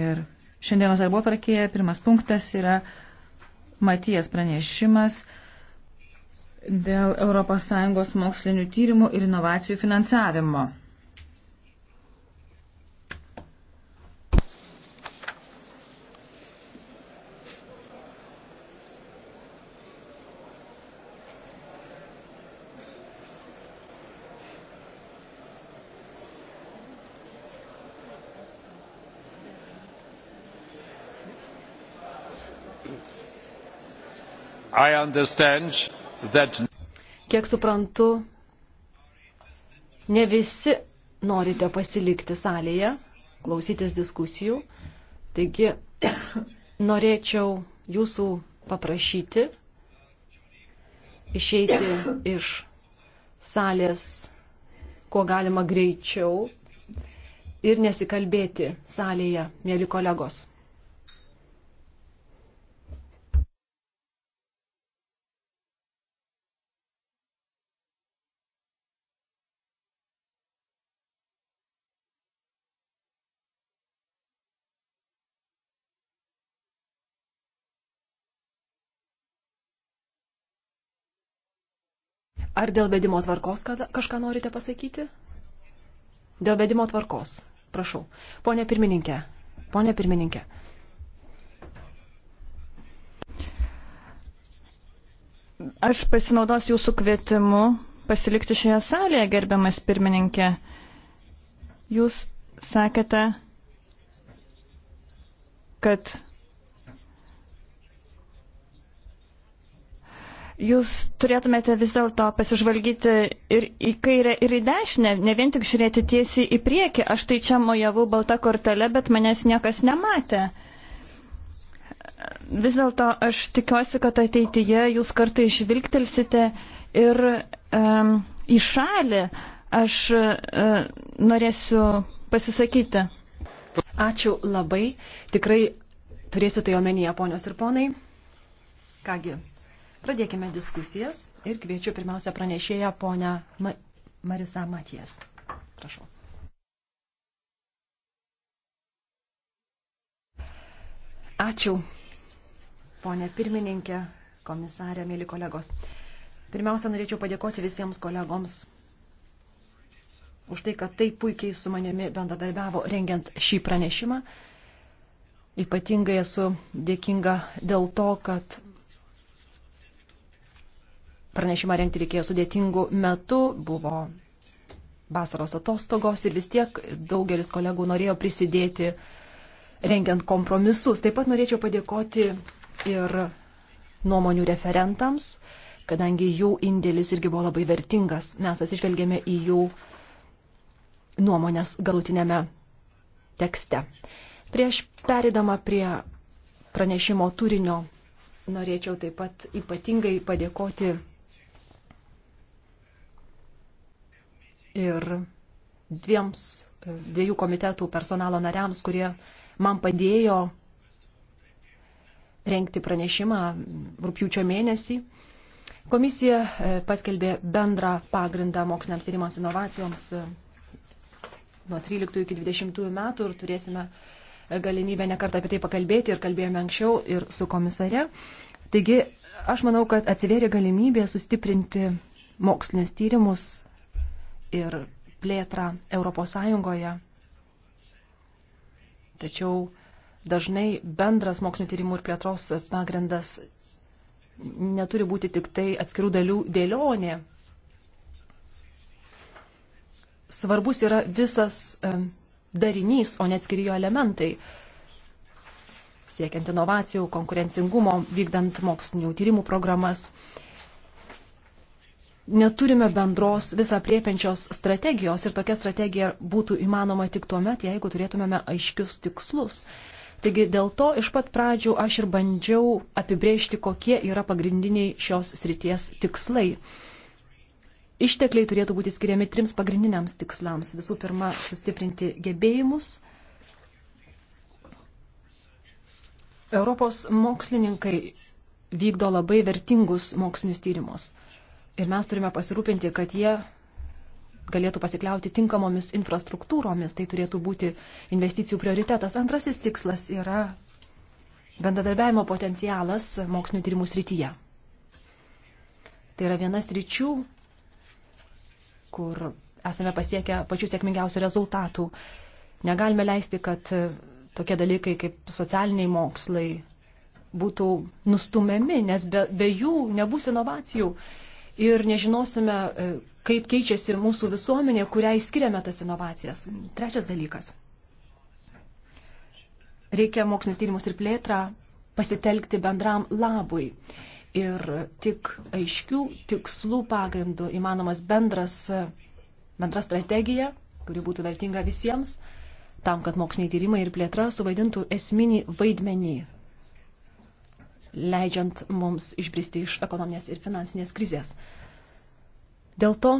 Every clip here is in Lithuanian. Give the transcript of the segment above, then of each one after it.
Ir šiandienos darbo tvarkėje pirmas punktas yra Matijas pranešimas dėl ES mokslinių tyrimų ir inovacijų finansavimo. That... Kiek suprantu, ne visi norite pasilikti salėje, klausytis diskusijų. Taigi norėčiau jūsų paprašyti išeiti iš salės, kuo galima greičiau ir nesikalbėti salėje, mėly kolegos. Ar dėl vedimo tvarkos kažką norite pasakyti? Dėl vedimo tvarkos. Prašau. Pone pirmininkė. Pone pirmininkė. Aš pasinaudosiu jūsų kvietimu pasilikti šioje salėje, gerbiamas pirmininkė. Jūs sakėte, kad jūs turėtumėte vis dėlto pasižvalgyti ir į kairę, ir į dešinę, ne vien tik žiūrėti tiesiai į priekį. Aš tai čia mojavau baltą kortelę, bet manęs niekas nematė. Vis dėlto aš tikiuosi, kad ateityje jūs kartai žvilgtelsite ir um, į šalį aš uh, norėsiu pasisakyti. Ačiū labai. Tikrai turėsiu tai omenyje, ponios ir ponai. Kągi, Pradėkime diskusijas ir kviečiu pirmiausia pranešėją ponę Ma Marisa Matijas. Prašau. Ačiū, ponė pirmininkė, komisarė, mėly kolegos. Pirmiausia, norėčiau padėkoti visiems kolegoms už tai, kad taip puikiai su manimi bendradarbiavo rengiant šį pranešimą. Ypatingai esu dėkinga dėl to, kad pranešimą rengti reikėjo sudėtingų metų, buvo vasaros atostogos ir vis tiek daugelis kolegų norėjo prisidėti rengiant kompromisus. Taip pat norėčiau padėkoti ir nuomonių referentams, kadangi jų indėlis irgi buvo labai vertingas. Mes atsižvelgėme į jų nuomonės galutinėme tekste. Prieš perėdama prie pranešimo turinio norėčiau taip pat ypatingai padėkoti ir dviems dviejų komitetų personalo nariams, kurie man padėjo rengti pranešimą rūpjūčio mėnesį. Komisija e, paskelbė bendrą pagrindą moksliniams tyrimams inovacijoms e, nuo 13 iki 20 metų ir turėsime e, galimybę nekart apie tai pakalbėti ir kalbėjome anksčiau ir su komisare. Taigi aš manau, kad atsiveria galimybė sustiprinti mokslinius tyrimus ir plėtrą Europos Sąjungoje. Tačiau dažnai bendras mokslinio tyrimų ir plėtros pagrindas neturi būti tik tai atskirų dalių dėlionė. Svarbus yra visas darinys, o ne atskiri jo elementai. Siekiant inovacijų, konkurencingumo, vykdant mokslinių tyrimų programas, neturime bendros visą priepiančios strategijos ir tokia strategija būtų įmanoma tik tuo met, jeigu turėtumėme aiškius tikslus. Taigi dėl to iš pat pradžių aš ir bandžiau apibrėžti, kokie yra pagrindiniai šios srities tikslai. Ištekliai turėtų būti skiriami trims pagrindiniams tikslams. Visų pirma, sustiprinti gebėjimus. Europos mokslininkai vykdo labai vertingus mokslinius tyrimus. Ir mes turime pasirūpinti, kad jie galėtų pasikliauti tinkamomis infrastruktūromis. Tai turėtų būti investicijų prioritetas. Antrasis tikslas yra bendradarbiavimo potencialas mokslinio tyrimų srityje. Tai yra vienas ryčių, kur esame pasiekę pačių sėkmingiausių rezultatų. Negalime leisti, kad tokie dalykai kaip socialiniai mokslai būtų nustumiami, nes be, be jų nebus inovacijų. Uh, ir nežinosime, e, kaip keičiasi mūsų visuomenė, kuriai skiriame tas inovacijas. Trečias dalykas. Reikia mokslinis tyrimus ir plėtrą pasitelkti bendram labui. Ir tik aiškių tikslų pagrindų įmanomas bendras, bendra strategija, kuri būtų vertinga visiems, tam, kad moksliniai tyrimai ir plėtra suvaidintų esminį vaidmenį leidžiant mums išbristi iš ekonominės ir finansinės krizės. Dėl to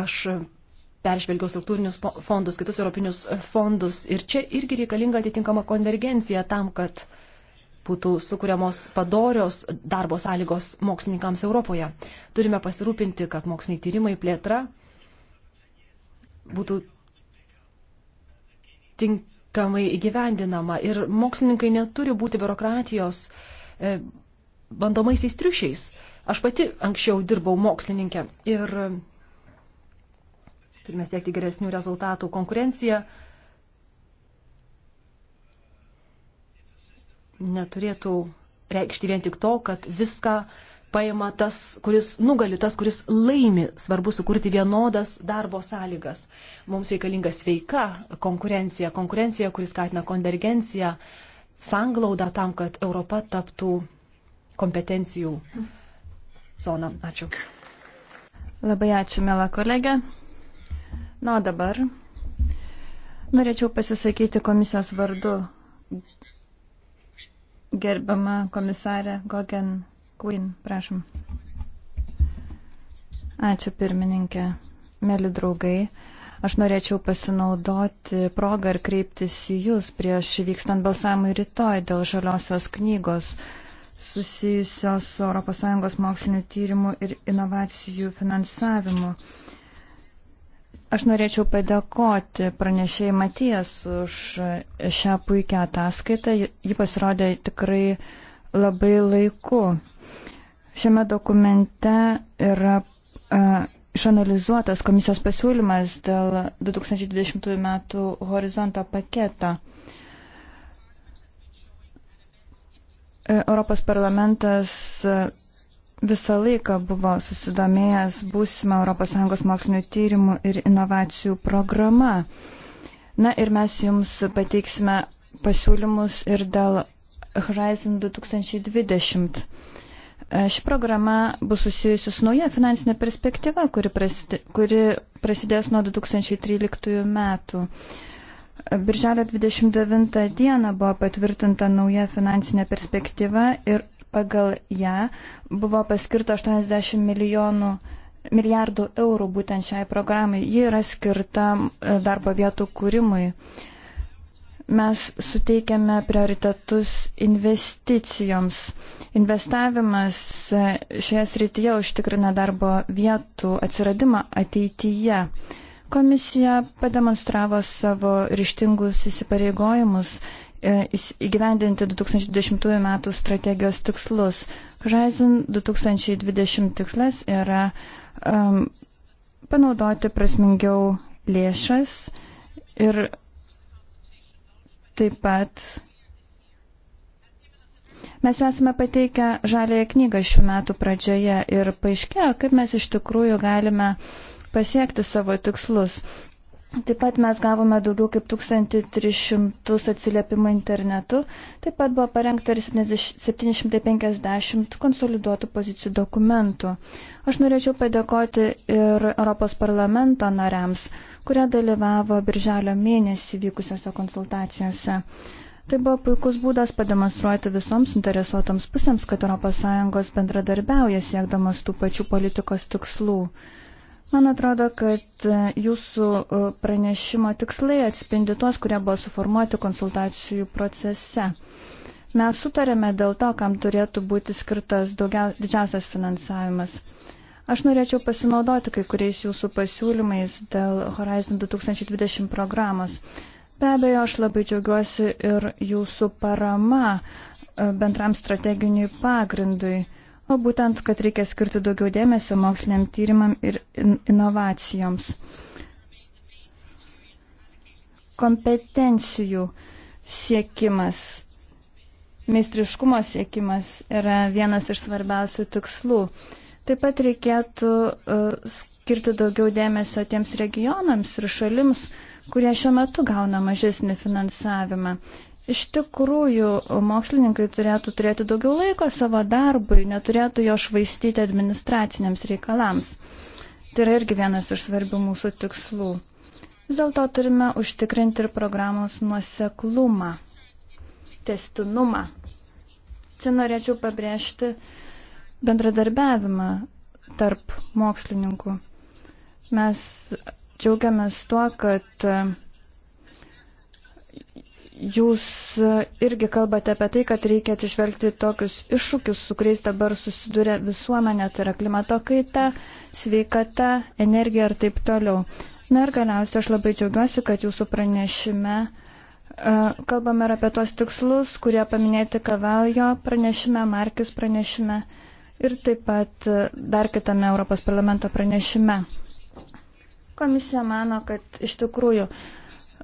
aš peržvelgiau struktūrinius fondus, kitus europinius fondus ir čia irgi reikalinga atitinkama konvergencija tam, kad būtų sukūriamos padorios darbo sąlygos mokslininkams Europoje. Turime pasirūpinti, kad moksliniai tyrimai plėtra būtų tink, tinkamai įgyvendinama. Ir mokslininkai neturi būti biurokratijos e, bandomaisiais triušiais. Aš pati anksčiau dirbau mokslininkė ir e, turime siekti geresnių rezultatų. Konkurencija neturėtų reikšti vien tik to, kad viską paima tas, kuris nugali, tas, kuris laimi. Svarbu sukurti vienodas darbo sąlygas. Mums reikalinga sveika konkurencija, konkurencija, kuris skatina konvergenciją, sanglaudą tam, kad Europa taptų kompetencijų zona. Ačiū. Labai ačiū, mėla kolegė. Na, o dabar norėčiau pasisakyti komisijos vardu. Gerbiama komisarė Gogen Kūrin, prašom. Ačiū pirmininkė, mėly draugai. Aš norėčiau pasinaudoti progą ir kreiptis į Jūs prieš vykstant balsavimui rytoj dėl žaliosios knygos susijusios su ES mokslinių tyrimų ir inovacijų finansavimu. Aš norėčiau padėkoti pranešėjai Matijas už šią puikią ataskaitą. Ji pasirodė tikrai labai laiku. Šiame dokumente yra uh, išanalizuotas komisijos pasiūlymas dėl 2020 metų horizonto paketo. E, Europos parlamentas visą laiką buvo susidomėjęs būsimą ES mokslinių tyrimų ir inovacijų programą. Na ir mes jums pateiksime pasiūlymus ir dėl Horizon 2020. E, ši programa bus susijusi su nauja finansinė perspektyva, kuri, prasidė, kuri prasidės nuo 2013 metų. Birželio 29 dieną buvo patvirtinta nauja finansinė perspektyva ir pagal ją buvo paskirta 80 milijonų milijardų eurų būtent šiai programai. Ji yra skirta e, darbo vietų kūrimui. Uh, mes suteikiame prioritetus investicijoms. Investavimas e, šioje srityje užtikrina darbo vietų atsiradimą ateityje. Komisija pademonstravo savo ryštingus įsipareigojimus e, įgyvendinti 2020 m. strategijos tikslus. Horizon 2020 tikslas yra um, panaudoti prasmingiau lėšas ir Taip pat mes jau esame pateikę žalėje knygą šių metų pradžioje ir paaiškėjo, kaip mes iš tikrųjų galime pasiekti savo tikslus. Taip pat mes gavome daugiau kaip 1300 atsiliepimų internetu. Taip pat buvo parengta ir 750 konsoliduotų pozicijų dokumentų. Aš norėčiau padėkoti ir Europos parlamento nariams, kurie dalyvavo birželio mėnesį vykusiose konsultacijose. Tai buvo puikus būdas pademonstruoti visoms interesuotoms pusėms, kad ES bendradarbiauja siekdamas tų pačių politikos tikslų. Man atrodo, kad e, jūsų e, pranešimo tikslai atspindi tuos, kurie buvo suformuoti konsultacijų procese. Mes sutarėme dėl to, kam turėtų būti skirtas daugiau, didžiausias finansavimas. Aš norėčiau pasinaudoti kai kuriais jūsų pasiūlymais dėl Horizon 2020 programos. Be abejo, aš labai džiaugiuosi ir jūsų parama e, bendram strateginiui pagrindui o būtent, kad reikia skirti daugiau dėmesio moksliniam tyrimam ir in inovacijoms. Kompetencijų siekimas, meistriškumo siekimas yra vienas iš svarbiausių tikslų. Taip pat reikėtų uh, skirti daugiau dėmesio tiems regionams ir šalims, kurie šiuo metu gauna mažesnį finansavimą. Iš tikrųjų, mokslininkai turėtų turėti daugiau laiko savo darbui, neturėtų jo švaistyti administraciniams reikalams. Tai yra irgi vienas iš svarbių mūsų tikslų. Vis dėlto turime užtikrinti ir programos nuoseklumą, testinumą. Čia norėčiau pabrėžti bendradarbiavimą tarp mokslininkų. Mes džiaugiamės tuo, kad Jūs e, irgi kalbate apie tai, kad reikia atsižvelgti tokius iššūkius, su kuriais dabar susiduria visuomenė, tai yra klimato kaita, sveikata, energija ir taip toliau. Na ir galiausiai aš labai džiaugiuosi, kad jūsų pranešime e, kalbame ir apie tos tikslus, kurie paminėti Kavaljo pranešime, Markis pranešime ir taip pat e, dar kitame Europos parlamento pranešime. Komisija mano, kad iš tikrųjų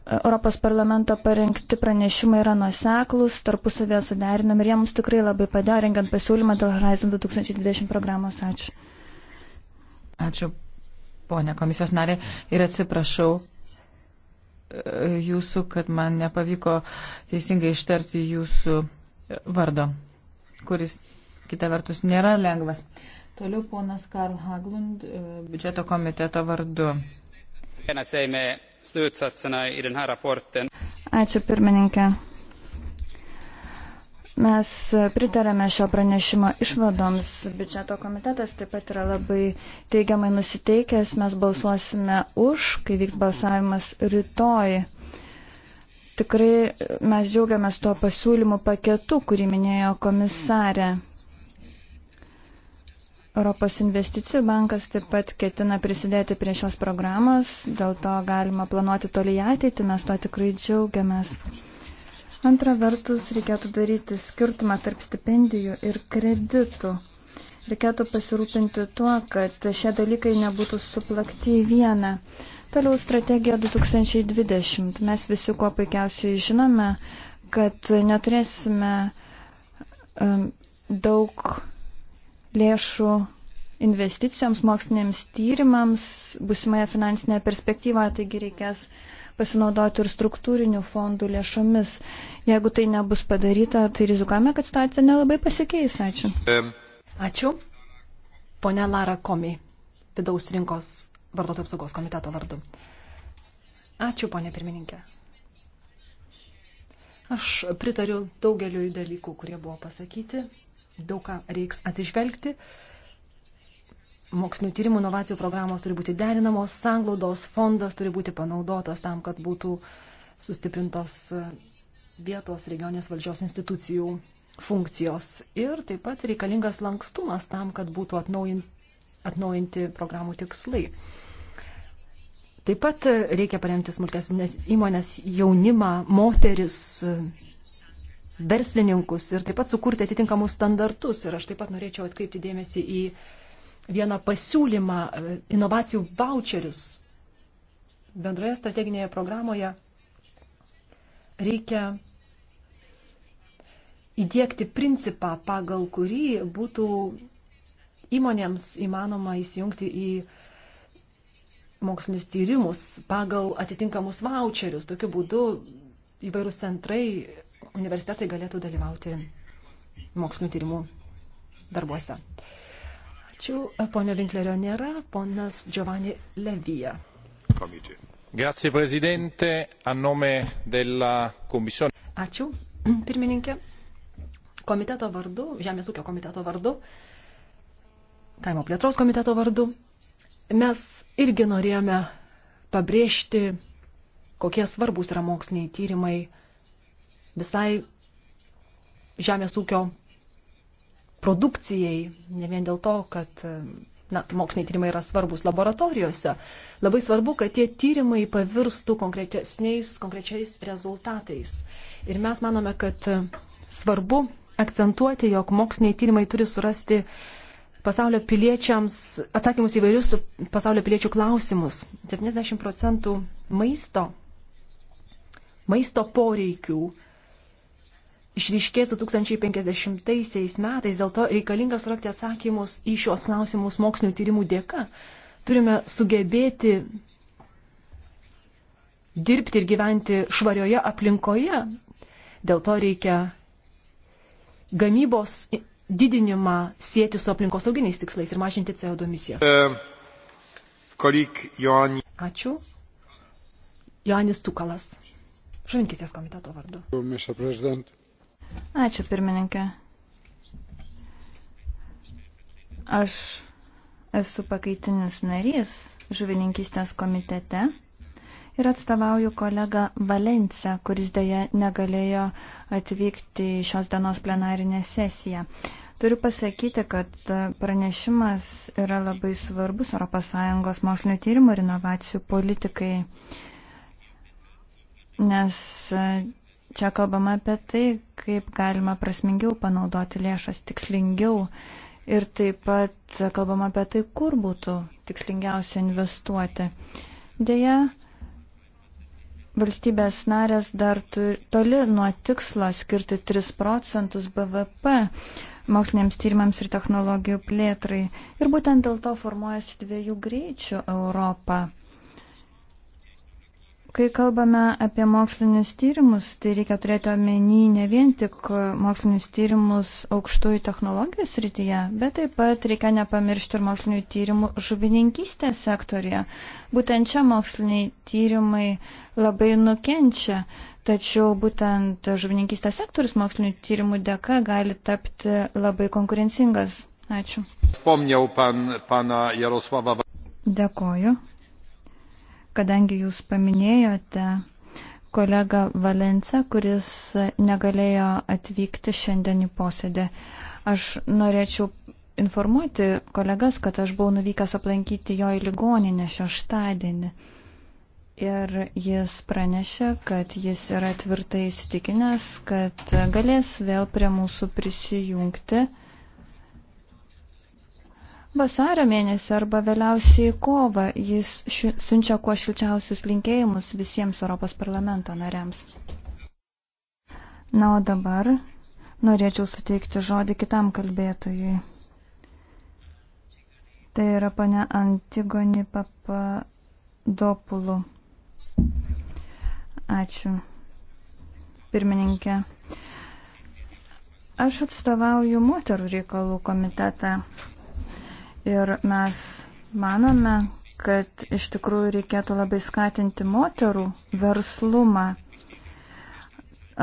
Europos parlamento parengti pranešimai yra nuseklus, tarpusavėje suderinami ir jie mums tikrai labai padėjo rengiant pasiūlymą dėl Horizon 2020 programos. Ačiū. Ačiū, ponė komisijos narė. Ir atsiprašau e, jūsų, kad man nepavyko teisingai ištarti jūsų vardo, kuris kita vertus nėra lengvas. Toliau ponas Karl Haglund, e, biudžeto komiteto vardu. Ačiū pirmininkė. Mes pritarėme šio pranešimo išvadoms. Biudžeto komitetas taip pat yra labai teigiamai nusiteikęs. Mes balsuosime už, kai vyks balsavimas rytoj. Tikrai mes džiaugiamės tuo pasiūlymų paketu, kurį minėjo komisarė. Europos investicijų bankas taip pat ketina prisidėti prie šios programos, dėl to galima planuoti toli ateitį, mes to tikrai džiaugiamės. Antra vertus, reikėtų daryti skirtumą tarp stipendijų ir kreditų. Reikėtų pasirūpinti tuo, kad šie dalykai nebūtų suplakti į vieną. Toliau strategija 2020. Mes visi kuo puikiausiai žinome, kad neturėsime um, daug lėšų investicijoms, moksliniams tyrimams, busimąją finansinę perspektyvą, taigi reikės pasinaudoti ir struktūrinių fondų lėšomis. Jeigu tai nebus padaryta, tai rizikame, kad situacija nelabai pasikeis. Ačiū. Ačiū. Pone Lara Komi, vidaus rinkos vartotojų apsaugos komiteto vardu. Ačiū, ponė pirmininkė. Aš pritariu daugeliu dalykų, kurie buvo pasakyti daug ką reiks atsižvelgti. Mokslinių tyrimų inovacijų programos turi būti derinamos, sanglaudos fondas turi būti panaudotas tam, kad būtų sustiprintos e, vietos regionės valdžios institucijų funkcijos. Ir taip pat reikalingas lankstumas tam, kad būtų atnaujinti programų tikslai. Taip pat e, reikia paremti smulkesnės įmonės jaunimą, moteris, e, verslininkus ir taip pat sukurti atitinkamus standartus. Ir aš taip pat norėčiau atkreipti dėmesį į vieną pasiūlymą e, inovacijų voucherius. Bendroje strateginėje programoje reikia įdėkti principą, pagal kurį būtų įmonėms įmanoma įsijungti į mokslinius tyrimus pagal atitinkamus voucherius. Tokiu būdu įvairūs centrai universitetai galėtų dalyvauti mokslinio tyrimų darbuose. Ačiū. Pone Vinklerio nėra. Ponas Giovanni Levija. Grazie, prezidente. A nome della komisione. Ačiū, pirmininkė. Komiteto vardu, Žemės ūkio komiteto vardu, Kaimo plėtros komiteto vardu, mes irgi norėjome pabrėžti, kokie svarbus yra moksliniai tyrimai visai žemės ūkio produkcijai, ne vien dėl to, kad na, moksliniai tyrimai yra svarbus laboratorijose. Labai svarbu, kad tie tyrimai pavirstų konkrečiais rezultatais. Ir mes manome, kad svarbu akcentuoti, jog moksliniai tyrimai turi surasti pasaulio piliečiams atsakymus įvairius pasaulio piliečių klausimus. 70 procentų maisto, maisto poreikių išryškės 2050 metais, dėl to reikalinga surakti atsakymus į šios klausimus mokslinių tyrimų dėka. Turime sugebėti dirbti ir gyventi švarioje aplinkoje. Dėl to reikia gamybos didinimą sieti su aplinkosauginiais tikslais ir mažinti CO2 emisijas. E, Ačiū. Joanis Tukalas žuvinkystės komiteto vardu. Ačiū, pirmininkė. Aš esu pakaitinis narys žuvininkystės komitete ir atstovauju kolegą Valenciją, kuris dėja negalėjo atvykti į šios dienos plenarinę sesiją. Turiu pasakyti, kad pranešimas yra labai svarbus ES mokslinio tyrimų ir inovacijų politikai, nes Čia kalbama apie tai, kaip galima prasmingiau panaudoti lėšas, tikslingiau. Ir taip pat kalbama apie tai, kur būtų tikslingiausia investuoti. Deja, valstybės narės dar toli nuo tikslo skirti 3 procentus BVP moksliniams tyrimams ir technologijų plėtrai. Ir būtent dėl to formuojasi dviejų greičių Europą. Kai kalbame apie mokslinius tyrimus, tai reikia turėti omeny ne vien tik mokslinius tyrimus aukštųjų technologijų srityje, bet taip pat reikia nepamiršti ir mokslinių tyrimų žuvininkystės sektorija. Būtent čia moksliniai tyrimai labai nukenčia, tačiau būtent žuvininkystės sektorius mokslinių tyrimų dėka gali tapti labai konkurencingas. Ačiū. Spomniau pan, pana Jaroslavą. Dėkoju kadangi jūs paminėjote kolegą Valencę, kuris negalėjo atvykti šiandien į posėdį. Aš norėčiau informuoti kolegas, kad aš buvau nuvykęs aplankyti jo į ligoninę šeštadienį. Ir jis pranešė, kad jis yra tvirtai įsitikinęs, kad galės vėl prie mūsų prisijungti Vasario mėnesį arba vėliausiai kovą jis ši, siunčia kuo šilčiausius linkėjimus visiems Europos parlamento nariams. Na, o dabar norėčiau suteikti žodį kitam kalbėtojui. Tai yra pane Antigoni Papadopulų. Ačiū. Pirmininkė. Aš atstovauju moterų reikalų komitetą. Ir mes manome, kad iš tikrųjų reikėtų labai skatinti moterų verslumą.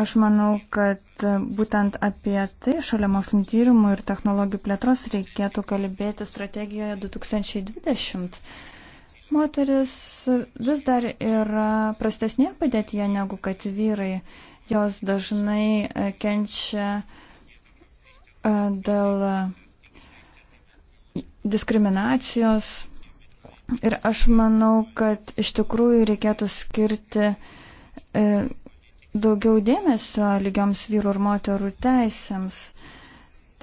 Aš manau, kad būtent apie tai šalia mokslinio tyrimų ir technologijų plėtros reikėtų kalbėti strategijoje 2020. Moteris vis dar yra prastesnė padėtyje negu kad vyrai. Jos dažnai e, kenčia e, dėl diskriminacijos. Ir aš manau, kad iš tikrųjų reikėtų skirti e, daugiau dėmesio lygioms vyrų ir moterų teisėms,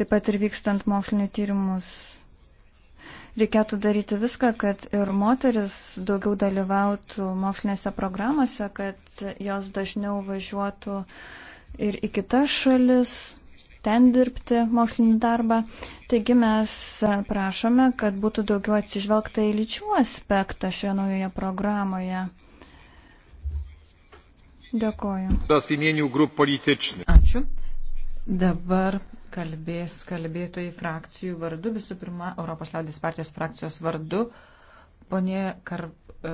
taip pat ir vykstant mokslinio tyrimus. Reikėtų daryti viską, kad ir moteris daugiau dalyvautų mokslinėse programuose, kad jos dažniau važiuotų ir į kitas šalis, ten dirbti mokslinį darbą. Taigi mes prašome, kad būtų daugiau atsižvelgta į lyčių aspektą šioje naujoje programoje. Dėkoju. Ačiū. Dabar kalbės kalbėtojai frakcijų vardu. Visų pirma, Europos liaudės partijos frakcijos vardu. Ponė Kar...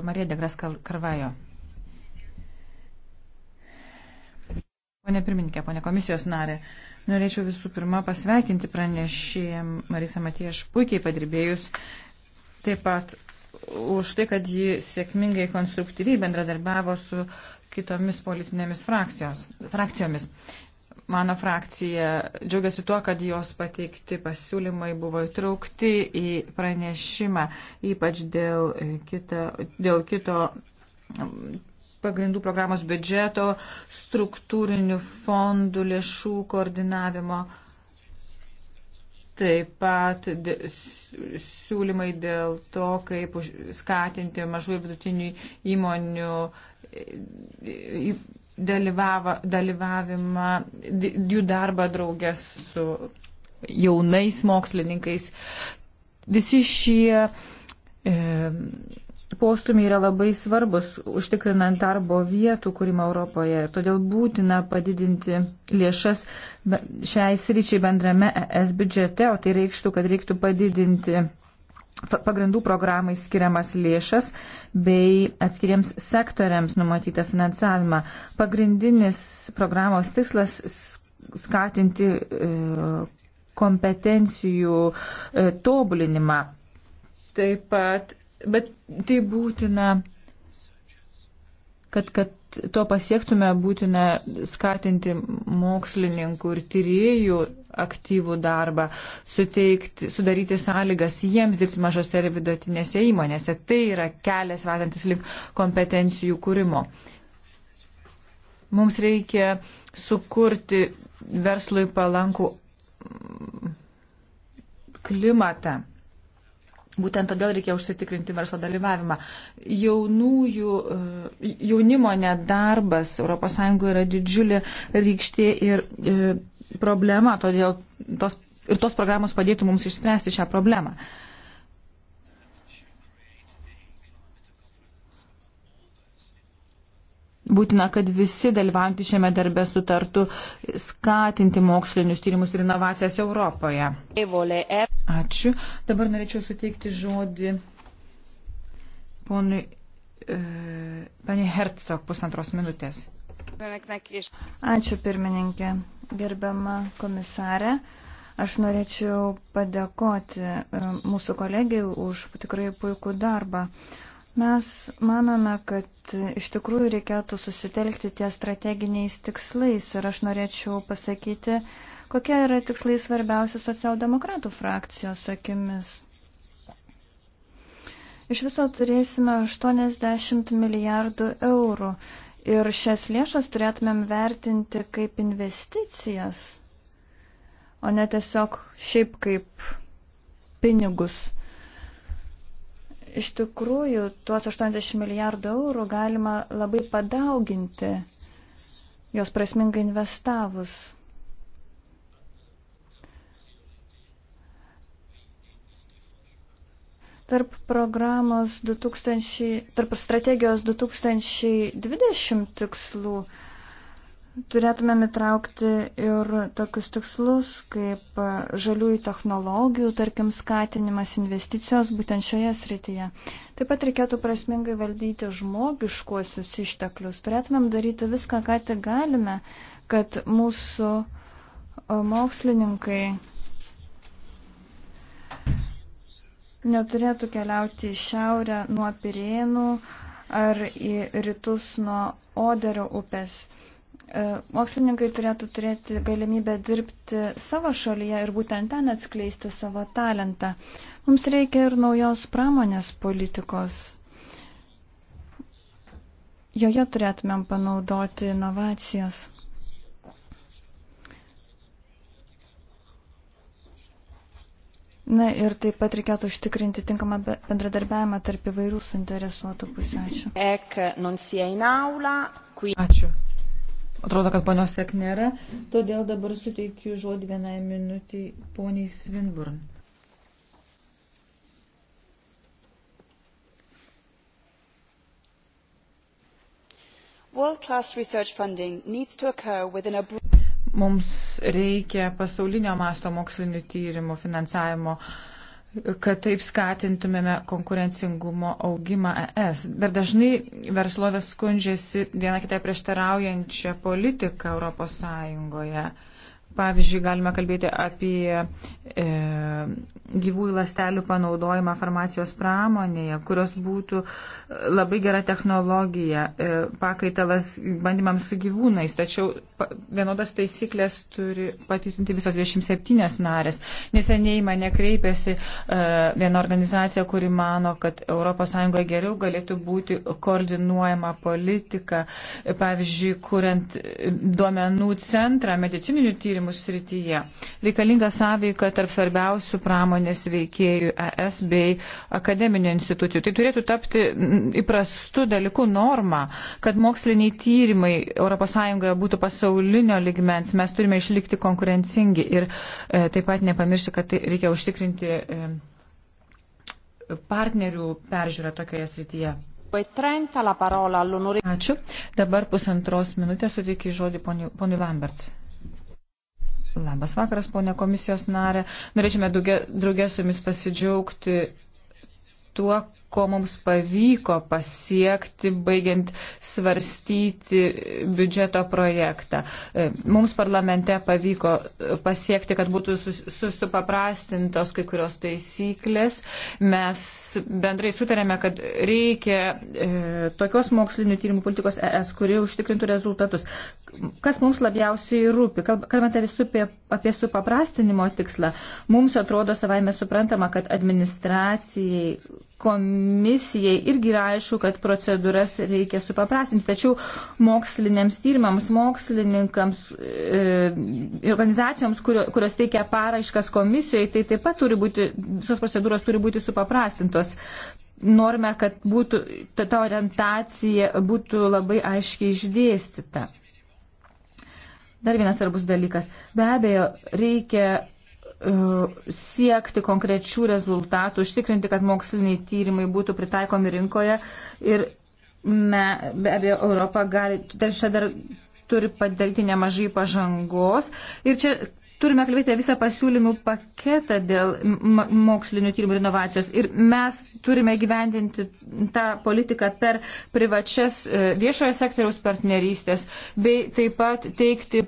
Marija Degras Karvajo. Pone pirmininkė, pone komisijos narė. Uh, Norėčiau visų pirma pasveikinti pranešėją Marisą Matieš puikiai padirbėjus, taip pat už tai, kad ji sėkmingai konstruktyviai bendradarbiavo su kitomis politinėmis frakcijomis. Mano frakcija džiaugiasi tuo, kad jos pateikti pasiūlymai buvo įtraukti į pranešimą, ypač dėl, kita, dėl kito pagrindų programos biudžeto, struktūrinių fondų lėšų koordinavimo. Taip pat siūlymai dėl to, kaip skatinti mažų ir vidutinių įmonių dalyvavimą, jų darbą draugės su jaunais mokslininkais. Visi šie e, postumiai yra labai svarbus, užtikrinant darbo vietų kūrimą Europoje. Ir todėl būtina padidinti lėšas šiai sričiai bendrame ES biudžete, o tai reikštų, kad reiktų padidinti pagrindų programai skiriamas lėšas bei atskiriems sektoriams numatytą finansavimą. Pagrindinis programos tikslas skatinti e, kompetencijų e, tobulinimą. Taip pat Bet tai būtina, kad, kad to pasiektume, būtina skatinti mokslininkų ir tyriejų aktyvų darbą, suteikti, sudaryti sąlygas jiems dirbti mažose ir vidutinėse įmonėse. Tai yra kelias vedantis link kompetencijų kūrimo. Mums reikia sukurti verslui palankų klimatą. Būtent todėl reikia užsitikrinti verslo dalyvavimą. Jaunųjų, e, jaunimo nedarbas ES yra didžiulė rykštė ir e, problema, todėl tos, ir tos programos padėtų mums išspręsti šią problemą. Uh, būtina, kad visi dalyvaujantys šiame darbe sutartų skatinti mokslinius tyrimus ir inovacijas Europoje. Ačiū. Dabar norėčiau suteikti žodį ponui, e, poniai Hercog pusantros minutės. Ačiū pirmininkė. Gerbiama komisarė. Aš norėčiau padėkoti e, mūsų kolegijai už tikrai puikų darbą. Mes manome, kad iš tikrųjų reikėtų susitelkti ties strateginiais tikslais ir aš norėčiau pasakyti, kokie yra tikslai svarbiausi socialdemokratų frakcijos akimis. Iš viso turėsime 80 milijardų eurų ir šias lėšas turėtumėm vertinti kaip investicijas, o ne tiesiog šiaip kaip pinigus. Iš tikrųjų, tuos 80 milijardų eurų galima labai padauginti, jos prasmingai investavus. tarp programos 2000, tarp strategijos 2020 tikslų turėtumėm įtraukti ir tokius tikslus kaip e, žaliųjų technologijų, tarkim, skatinimas investicijos būtent šioje srityje. Taip pat reikėtų prasmingai valdyti žmogiškuosius išteklius. Turėtumėm daryti viską, ką tik galime, kad mūsų e, mokslininkai neturėtų keliauti į šiaurę nuo Pirėnų ar į rytus nuo Oderio upės. E, mokslininkai turėtų turėti galimybę dirbti savo šalyje ir būtent ten atskleisti savo talentą. Mums reikia ir naujos pramonės politikos. Joje turėtumėm panaudoti inovacijas. Na ir taip pat reikėtų užtikrinti tinkamą bendradarbiavimą tarp įvairių suinteresuotų pusių. Ačiū. Ačiū. Atrodo, kad ponios sek nėra, todėl dabar suteikiu žodį vienai minutiai poniai Svinburn. Mums reikia pasaulinio masto mokslinių tyrimų finansavimo uh, kad taip skatintumėme konkurencingumo augimą ES. Bet dažnai verslovės skundžiasi viena kitą prieštaraujančią politiką ES. Pavyzdžiui, galime kalbėti apie e, gyvųjų lastelių panaudojimą farmacijos pramonėje, kurios būtų e, labai gera technologija, e, pakaitalas bandymams su gyvūnais, tačiau vienodas taisyklės turi patvirtinti visos 27 narės. Neseniai mane kreipėsi e, viena organizacija, kuri mano, kad ES geriau galėtų būti koordinuojama politika, e, pavyzdžiui, kuriant duomenų centrą medicininių tyrimų srityje. Reikalinga sąveika tarp svarbiausių pramonės veikėjų ES bei akademinių institucijų. Tai turėtų tapti įprastų dalykų norma, kad moksliniai tyrimai ES būtų pasaulinio ligmens, mes turime išlikti konkurencingi ir e, taip pat nepamiršti, kad tai reikia užtikrinti e, partnerių peržiūrą tokioje srityje. Ačiū. Dabar pusantros minutės suteikiu žodį ponui Lamberts. Labas vakaras, ponė komisijos narė. Norėčiame draugė su jumis pasidžiaugti tuo, ko mums pavyko pasiekti, baigiant svarstyti biudžeto projektą. E, mums parlamente pavyko pasiekti, kad būtų susupaprastintos kai kurios taisyklės. Mes bendrai sutarėme, kad reikia e, tokios mokslinių tyrimų politikos ES, kuri užtikrintų rezultatus kas mums labiausiai rūpi. Kalbant visų apie, apie supaprastinimo tikslą, mums atrodo savaime suprantama, kad administracijai, komisijai irgi yra aišku, kad procedūras reikia supaprastinti. Tačiau moksliniams tyrimams, mokslininkams, e, organizacijoms, kurio, kurios teikia paraiškas komisijoje, tai taip pat turi būti, visos procedūros turi būti supaprastintos norime, kad būtų ta orientacija būtų labai aiškiai išdėstyta. Dar vienas svarbus dalykas. Be abejo, reikia e, siekti konkrečių rezultatų, užtikrinti, kad moksliniai tyrimai būtų pritaikomi rinkoje ir me, be abejo Europa gali, dar čia dar turi padaryti nemažai pažangos ir čia turime kalbėti visą pasiūlymų paketą dėl mokslinių tyrimų ir inovacijos. Ir mes turime gyvendinti tą politiką per privačias e, viešojo sektoriaus partnerystės, bei taip pat teikti e,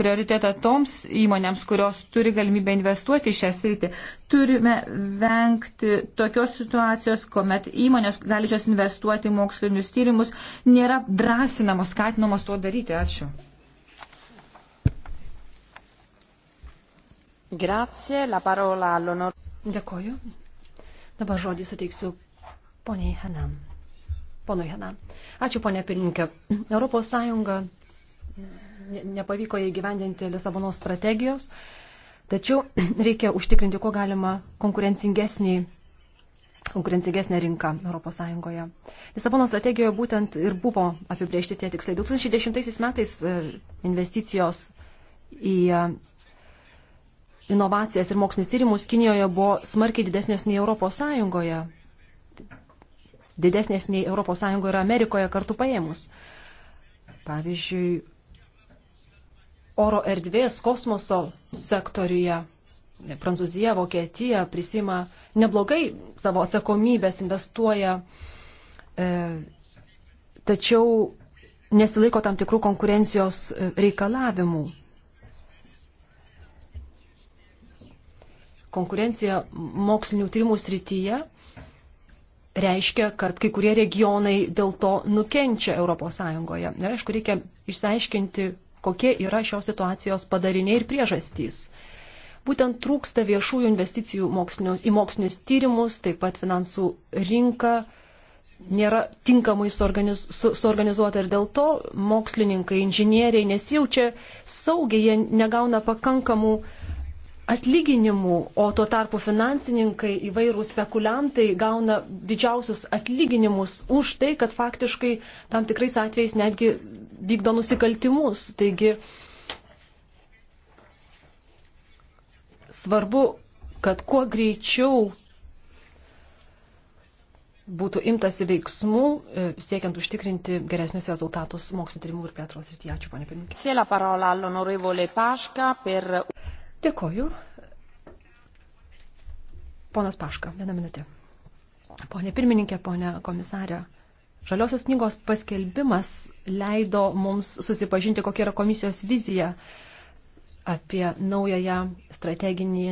prioritetą toms įmonėms, kurios turi galimybę investuoti į šią sritį. Turime vengti tokios situacijos, kuomet įmonės galinčios investuoti mokslinius tyrimus nėra drąsinamos, skatinamos to daryti. Ačiū. Grazie, la parola all'onor. Dėkoju. Dabar žodį suteiksiu poniai Hanan. Ponui Hanan. Ačiū, ponė pirmininkė. Europos Sąjunga nepavyko įgyvendinti Lisabonos strategijos, tačiau reikia užtikrinti, kuo galima konkurencingesnį konkurencingesnė rinka ES. Lisabono strategijoje būtent ir buvo apibriežti tie tikslai. 2010 metais e, investicijos į inovacijas ir mokslinis tyrimus Kinijoje buvo smarkiai didesnės nei Europos Sąjungoje, didesnės nei Europos Sąjungoje ir Amerikoje kartu paėmus. Pavyzdžiui, oro erdvės kosmoso sektoriuje Prancūzija, Vokietija prisima neblogai savo atsakomybės, investuoja, e, tačiau nesilaiko tam tikrų konkurencijos e, reikalavimų. konkurencija mokslinių tyrimų srityje reiškia, kad kai kurie regionai dėl to nukenčia ES. Ir aišku, reikia išsiaiškinti, kokie yra šios situacijos padariniai ir priežastys. Būtent trūksta viešųjų investicijų mokslinius, į mokslinius tyrimus, taip pat finansų rinka nėra tinkamai suorganiz, su, suorganizuota ir dėl to mokslininkai, inžinieriai nesijaučia saugiai, jie negauna pakankamų uh, atlyginimų, o tuo tarpu finansininkai įvairūs spekuliantai gauna didžiausius atlyginimus už tai, kad faktiškai tam tikrais atvejais netgi vykdo nusikaltimus. Taigi svarbu, kad kuo greičiau būtų imtasi veiksmų, e, siekiant užtikrinti geresnius rezultatus mokslo tyrimų ir plėtros rytyje. Ačiū, ponė pirmininkė. Dėkoju. Ponas Paška, vieną minutę. Pone pirmininkė, pone komisarė, žaliosios knygos paskelbimas leido mums susipažinti, kokia yra komisijos vizija apie naująją strateginį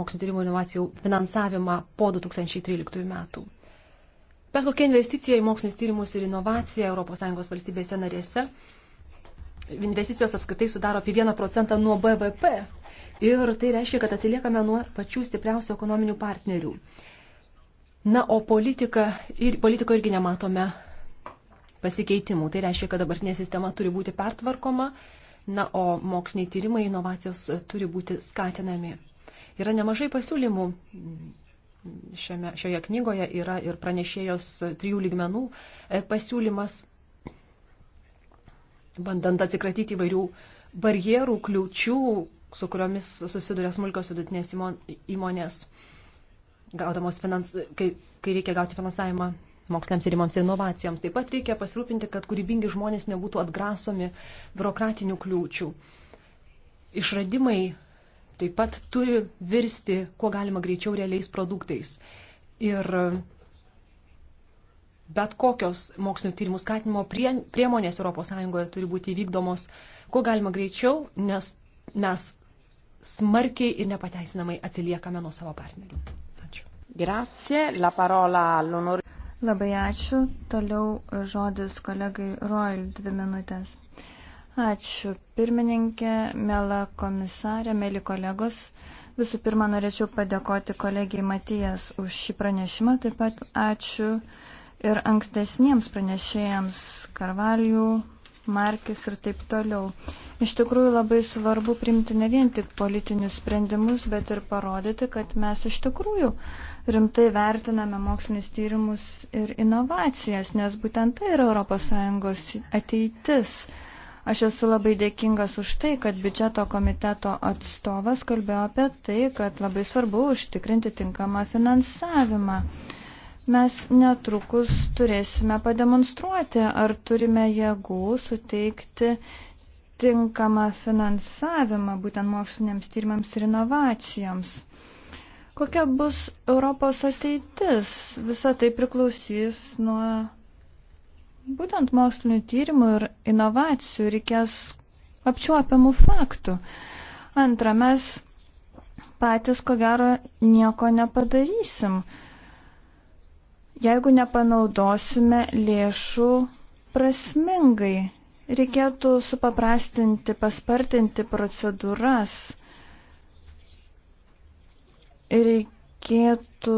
mokslinio tyrimų inovacijų finansavimą po 2013 metų. Bet kokia investicija į mokslinis tyrimus ir inovaciją ES valstybėse narėse investicijos apskritai sudaro apie 1 procentą nuo BVP. Ir tai reiškia, kad atsiliekame nuo pačių stipriausių ekonominių partnerių. Na, o politika, ir, politiko irgi nematome pasikeitimų. Tai reiškia, kad dabartinė sistema turi būti pertvarkoma, na, o moksliniai tyrimai, inovacijos turi būti skatinami. Yra nemažai pasiūlymų. Šiame, šioje knygoje yra ir pranešėjos trijų lygmenų e, pasiūlymas bandant atsikratyti įvairių barjerų, kliūčių, su kuriomis susiduria smulkios vidutinės įmonės, gaudamos finans, kai, kai reikia gauti finansavimą moksliniams tyrimams ir inovacijoms. Taip pat reikia pasirūpinti, kad kūrybingi žmonės nebūtų atgrasomi biurokratinių kliūčių. Išradimai taip pat turi virsti, kuo galima greičiau realiais produktais. Ir bet kokios mokslinio tyrimų skatinimo prie, priemonės ES turi būti vykdomos kuo galima greičiau, nes mes smarkiai ir nepateisinamai atsiliekame nuo savo partnerių. Ačiū. Grazie, la parola all'onore. Labai ačiū. Toliau žodis kolegai Royal dvi minutės. Ačiū pirmininkė, mėla komisarė, mėly kolegos. Visų pirma, norėčiau padėkoti kolegijai Matijas už šį pranešimą, taip pat ačiū ir ankstesniems pranešėjams Karvalijų, Markis ir taip toliau. Iš tikrųjų labai svarbu priimti ne vien tik politinius sprendimus, bet ir parodyti, kad mes iš tikrųjų rimtai vertiname mokslinis tyrimus ir inovacijas, nes būtent tai yra ES ateitis. Aš esu labai dėkingas už tai, kad biudžeto komiteto atstovas kalbėjo apie tai, kad labai svarbu užtikrinti tinkamą finansavimą mes netrukus turėsime pademonstruoti, ar turime jėgų suteikti tinkamą finansavimą būtent moksliniams tyrimams ir inovacijoms. Kokia bus Europos ateitis? Visa tai priklausys nuo būtent mokslinių tyrimų ir inovacijų. Reikės apčiuopiamų faktų. Antra, mes patys ko gero nieko nepadarysim. Uh, jeigu nepanaudosime lėšų prasmingai. Reikėtų supaprastinti, paspartinti procedūras. Reikėtų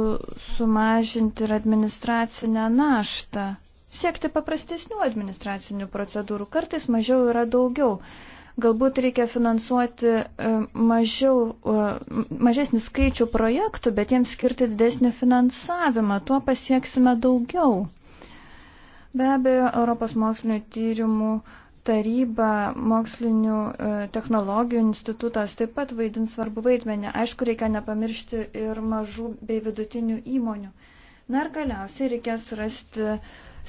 sumažinti ir administracinę naštą. Siekti paprastesnių administracinių procedūrų. Kartais mažiau yra daugiau. Galbūt reikia finansuoti e, mažiau, e, mažesnį skaičių projektų, bet jiems skirti didesnį finansavimą. Tuo pasieksime daugiau. Be abejo, Europos mokslinio tyrimų taryba, mokslinių e, technologijų institutas taip pat vaidins svarbu vaidmenį. Aišku, reikia nepamiršti ir mažų bei vidutinių įmonių. Na ir galiausiai reikės rasti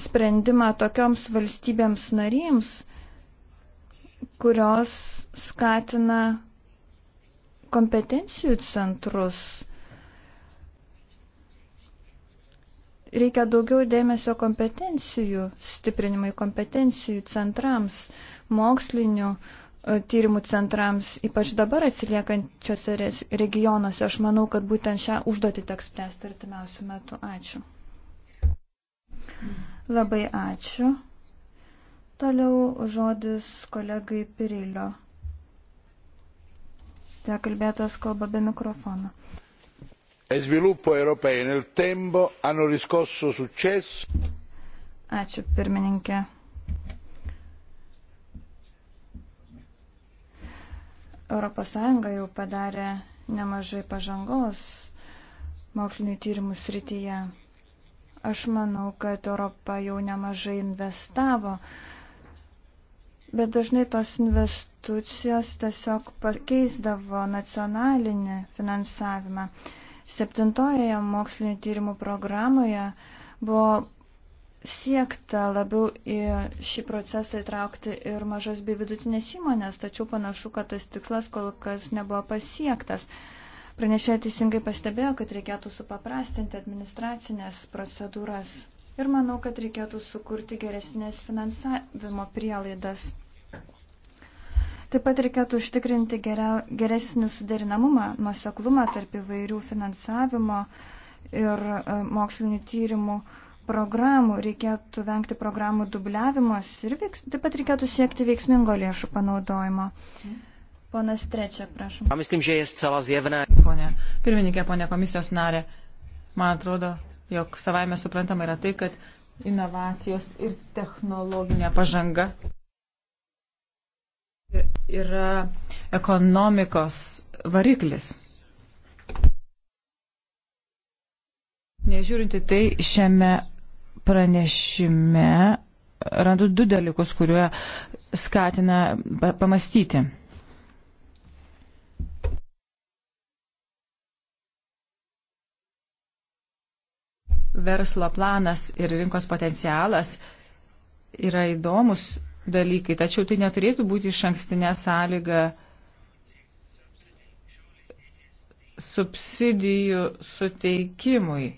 sprendimą tokioms valstybėms narėms, kurios skatina kompetencijų centrus. Reikia daugiau dėmesio kompetencijų, stiprinimai kompetencijų centrams, mokslinių e, tyrimų centrams, ypač dabar atsiliekančiose regionuose. Aš manau, kad būtent šią užduotį teks spręsti artimiausių metų. Ačiū. Labai ačiū. Toliau žodis kolegai Pirilio. Te kalbėtas kalba be mikrofono. E sviluppo europei nel tempo hanno riscosso successo. Ačiū pirmininkė. ES jau padarė nemažai pažangos mokslinių tyrimų srityje. Aš manau, kad Europa jau nemažai investavo uh, Bet dažnai tos investicijos tiesiog pakeisdavo nacionalinį finansavimą. Septintojoje mokslinio tyrimų programoje buvo siekta labiau į šį procesą įtraukti ir mažas bei vidutinės įmonės, tačiau panašu, kad tas tikslas kol kas nebuvo pasiektas. Pranešėja teisingai pastebėjo, kad reikėtų supaprastinti administracinės procedūras ir manau, kad reikėtų sukurti geresnės finansavimo prielaidas. Taip pat reikėtų užtikrinti geresnį suderinamumą, nuoseklumą tarp įvairių finansavimo ir e, mokslinių tyrimų programų. Reikėtų vengti programų dubliavimos ir veiks, taip pat reikėtų siekti veiksmingo lėšų panaudojimo. Ponas Trečia, prašom. Myslím, že je zcela zjevné. Pone pirmininkė, pone komisijos narė, man atrodo, jog savaime suprantama yra tai, kad inovacijos ir technologinė pažanga yra ekonomikos variklis. Nežiūrinti tai, šiame pranešime randu du dalykus, kurie skatina pamastyti. Verslo planas ir rinkos potencialas yra įdomus dalykai. Tačiau tai neturėtų būti iš ankstinė sąlyga subsidijų suteikimui.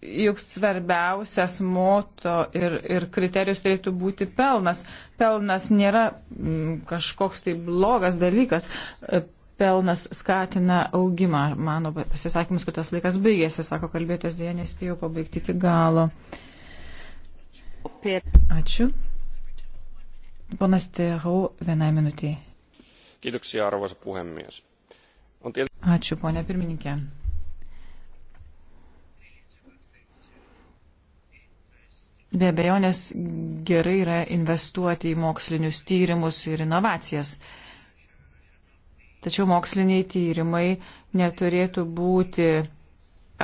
Juk svarbiausias moto ir, ir kriterijus turėtų būti pelnas. Pelnas nėra m, mm, kažkoks tai blogas dalykas. Pelnas skatina augimą. Mano pasisakymus, kad tas laikas baigėsi, sako kalbėtojas, dėja nespėjau pabaigti iki galo. Uh, Ačiū. Ponas Terau, vienai minutiai. Kiitoksia, arvoisa puhemies. On tiet... Ačiū, ponė pirmininkė. Be abejonės gerai yra investuoti į mokslinius tyrimus ir inovacijas. Tačiau moksliniai tyrimai neturėtų būti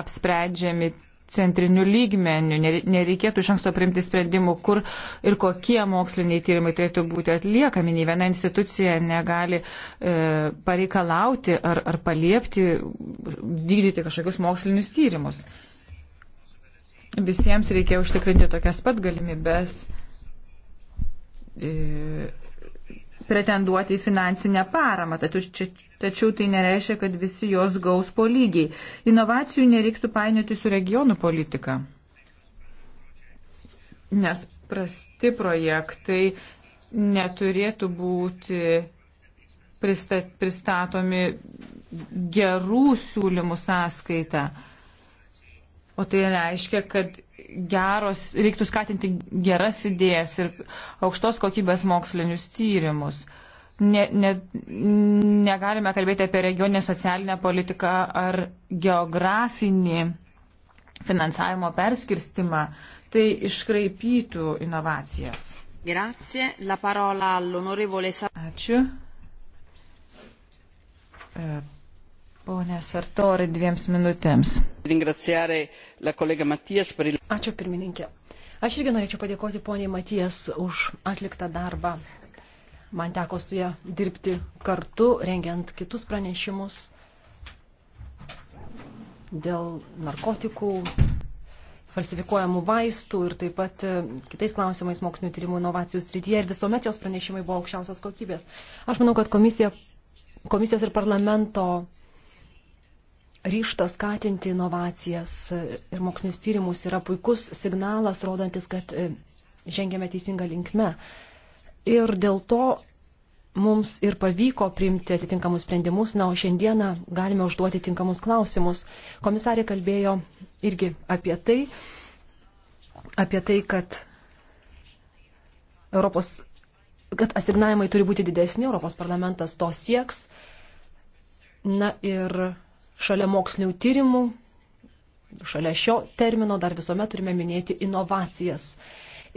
apsprendžiami centriniu lygmeniu, nereikėtų iš anksto primti sprendimų, kur ir kokie moksliniai tyrimai turėtų būti atliekami. Nei viena institucija negali e, pareikalauti ar, ar paliepti vykdyti kažkokius mokslinius tyrimus. Visiems reikia užtikrinti tokias pat galimybės. E, pretenduoti į finansinę paramą, tačiau tai nereiškia, kad visi jos gaus po lygiai. Inovacijų nereiktų painioti su regionų politika, nes prasti projektai neturėtų būti pristatomi gerų siūlymų sąskaita. O tai reiškia, kad geros, reiktų skatinti geras idėjas ir aukštos kokybės mokslinius tyrimus. Ne, ne, negalime kalbėti apie regioninę socialinę politiką ar geografinį finansavimo perskirstimą. Tai iškraipytų inovacijas. Grazie. La parola all'onorevole Sa. Ačiū. E Pone Sartori, dviems minutėms. Ačiū pirmininkė. Aš irgi norėčiau padėkoti poniai Matijas už atliktą darbą. Man teko su ją dirbti kartu, rengiant kitus pranešimus dėl narkotikų, falsifikuojamų vaistų ir taip pat e, kitais klausimais mokslinio tyrimų inovacijų srityje ir visuomet jos pranešimai buvo aukščiausios kokybės. Aš manau, kad komisija, komisijos ir parlamento ryštas skatinti inovacijas ir mokslinius tyrimus yra puikus signalas, rodantis, kad e, žengėme teisingą linkmę. Ir dėl to mums ir pavyko priimti atitinkamus sprendimus, na, o šiandieną galime užduoti tinkamus klausimus. Komisarė kalbėjo irgi apie tai, apie tai, kad Europos kad asignavimai turi būti didesni, Europos parlamentas to sieks. Na ir Šalia mokslinių tyrimų, šalia šio termino dar visuomet turime minėti inovacijas.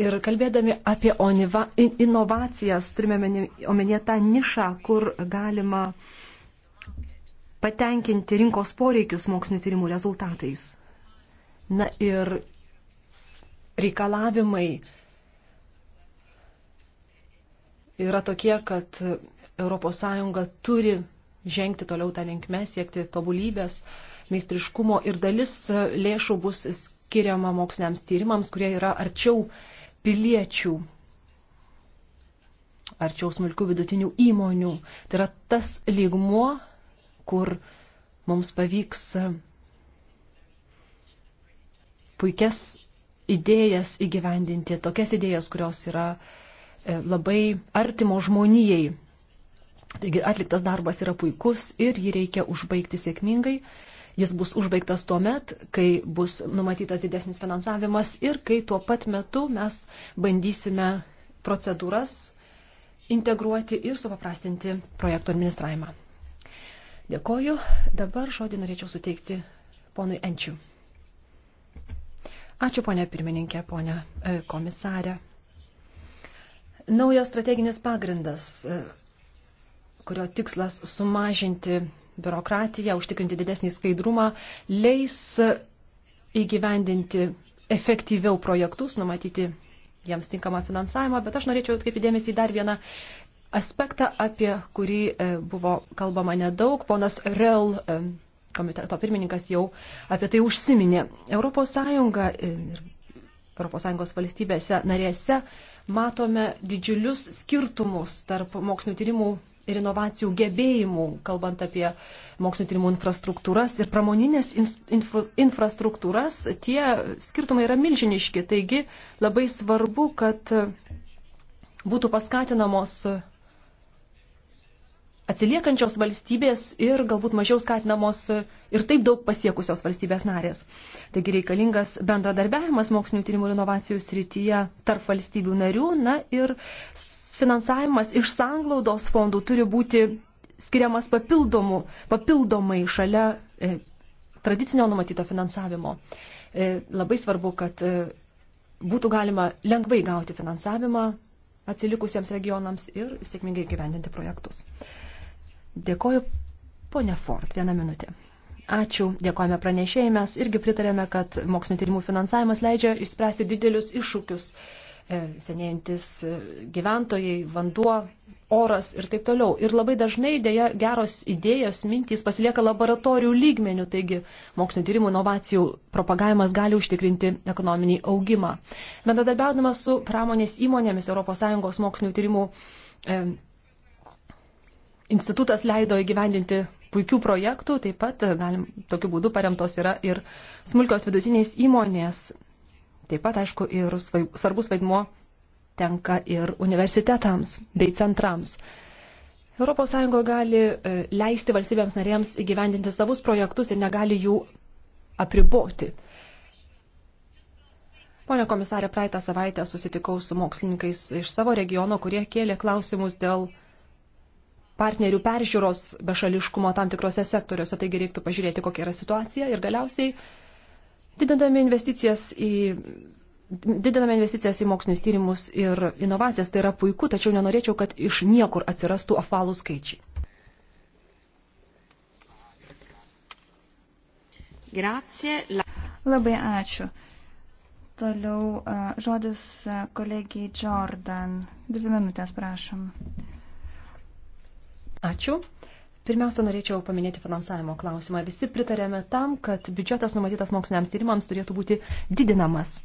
Ir kalbėdami apie oniva, inovacijas, turime omenyje tą nišą, kur galima patenkinti rinkos poreikius mokslinio tyrimų rezultatais. Na ir reikalavimai yra tokie, kad ES turi žengti toliau tą linkmę, siekti tobulybės, meistriškumo ir dalis lėšų bus skiriama moksliniams tyrimams, kurie yra arčiau piliečių, arčiau smulkių vidutinių įmonių. Tai yra tas lygmuo, kur mums pavyks puikias idėjas įgyvendinti, tokias idėjas, kurios yra e, labai artimo žmonijai Taigi atliktas darbas yra puikus ir jį reikia užbaigti sėkmingai. Jis bus užbaigtas tuo met, kai bus numatytas didesnis finansavimas ir kai tuo pat metu mes bandysime procedūras integruoti ir supaprastinti projektų administravimą. Dėkoju. Dabar žodį norėčiau suteikti ponui Enčiu. Ačiū, ponė pirmininkė, ponė e, komisarė. Naujas strateginis pagrindas e, kurio tikslas sumažinti biurokratiją, užtikrinti didesnį skaidrumą, leis įgyvendinti efektyviau projektus, numatyti jiems tinkamą finansavimą, bet aš norėčiau atkreipti dėmesį į dar vieną aspektą, apie kurį e, buvo kalbama nedaug. Ponas Rel, e, komiteto pirmininkas, jau apie tai užsiminė. ES e, ir ES valstybėse narėse matome didžiulius skirtumus tarp mokslinio tyrimų ir inovacijų gebėjimų, kalbant apie mokslinio tyrimų infrastruktūras ir pramoninės infra, infrastruktūras, tie skirtumai yra milžiniški. Taigi labai svarbu, kad būtų paskatinamos atsiliekančios valstybės ir galbūt mažiau skatinamos ir taip daug pasiekusios valstybės narės. Taigi reikalingas bendradarbiavimas mokslinio tyrimų ir inovacijų srityje tarp valstybių narių, na ir finansavimas iš sanglaudos fondų turi būti skiriamas papildomų, papildomai šalia e, tradicinio numatyto finansavimo. E, labai svarbu, kad e, būtų galima lengvai gauti finansavimą atsilikusiems regionams ir sėkmingai gyvendinti projektus. Dėkoju, ponia Ford, vieną minutę. Ačiū, dėkojame pranešėjai, mes irgi pritarėme, kad mokslinio tyrimų finansavimas leidžia išspręsti didelius iššūkius E, senėjantis e, gyventojai, vanduo, oras ir taip toliau. Ir labai dažnai dėja geros idėjos, mintys pasilieka laboratorijų lygmenių, taigi mokslinio tyrimų inovacijų propagavimas gali užtikrinti ekonominį augimą. Bendradarbiaudamas su pramonės įmonėmis ES mokslinio tyrimų e, institutas leido įgyvendinti puikių projektų, taip pat e, galim, tokiu būdu paremtos yra ir smulkios vidutinės įmonės Taip pat, aišku, ir svarbus vaidmuo tenka ir universitetams bei centrams. ES gali e, leisti valstybėms narėms įgyvendinti savus projektus ir negali jų apriboti. Pone komisarė, praeitą savaitę susitikau su mokslininkais iš savo regiono, kurie kėlė klausimus dėl partnerių peržiūros bešališkumo tam tikrose sektoriuose, taigi reiktų pažiūrėti, kokia yra situacija ir galiausiai didindami investicijas į. Didiname investicijas į mokslinius tyrimus ir inovacijas, tai yra puiku, tačiau nenorėčiau, kad iš niekur atsirastų afalų skaičiai. Grazie. La... Labai ačiū. Toliau žodis kolegijai Jordan. Dvi minutės, prašom. Ačiū. Pirmiausia, norėčiau paminėti finansavimo klausimą. Visi pritarėme tam, kad biudžetas numatytas moksliniams tyrimams turėtų būti didinamas.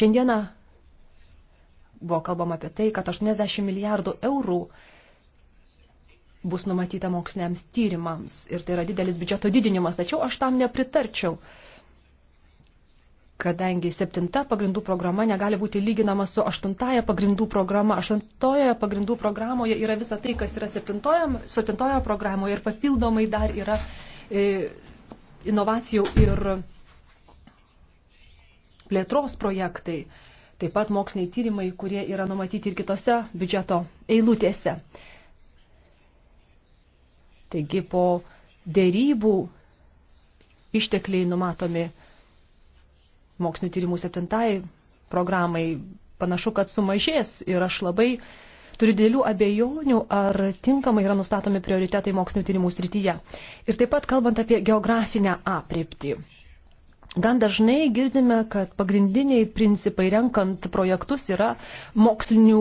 Šiandieną buvo kalbama apie tai, kad 80 milijardų eurų bus numatyta moksliniams tyrimams ir tai yra didelis biudžeto didinimas, tačiau aš tam nepritarčiau kadangi septinta pagrindų programa negali būti lyginama su aštuntaja pagrindų programa. Aštuntojoje pagrindų programoje yra visa tai, kas yra septintojoje programoje ir papildomai dar yra e, inovacijų ir plėtros projektai, taip pat moksliniai tyrimai, kurie yra numatyti ir kitose biudžeto eilutėse. Taigi po dėrybų ištekliai numatomi mokslinio tyrimų septintai programai panašu, kad sumažės ir aš labai turiu dėlių abejonių, ar tinkamai yra nustatomi prioritetai mokslinio tyrimų srityje. Ir taip pat kalbant apie geografinę apriepti. Gan dažnai girdime, kad pagrindiniai principai renkant projektus yra mokslinių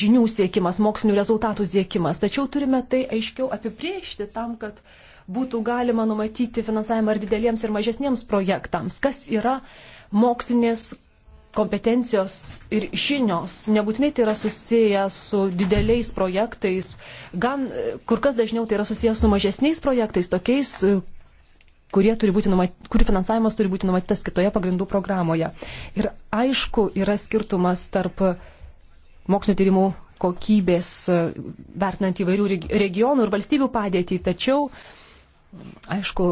žinių siekimas, mokslinių rezultatų siekimas. Tačiau turime tai aiškiau apibriežti tam, kad uh, būtų galima numatyti finansavimą ir dideliems, ir mažesniems projektams, kas yra mokslinės kompetencijos ir žinios. Nebūtinai tai yra susiję su dideliais projektais, gan kur kas dažniau tai yra susiję su mažesniais projektais, tokiais, kurie turi būti numat, kurių finansavimas turi būti numatytas kitoje pagrindų programoje. Ir aišku, yra skirtumas tarp mokslinio tyrimų kokybės, vertinant įvairių regionų ir valstybių padėtį, tačiau uh, Aišku,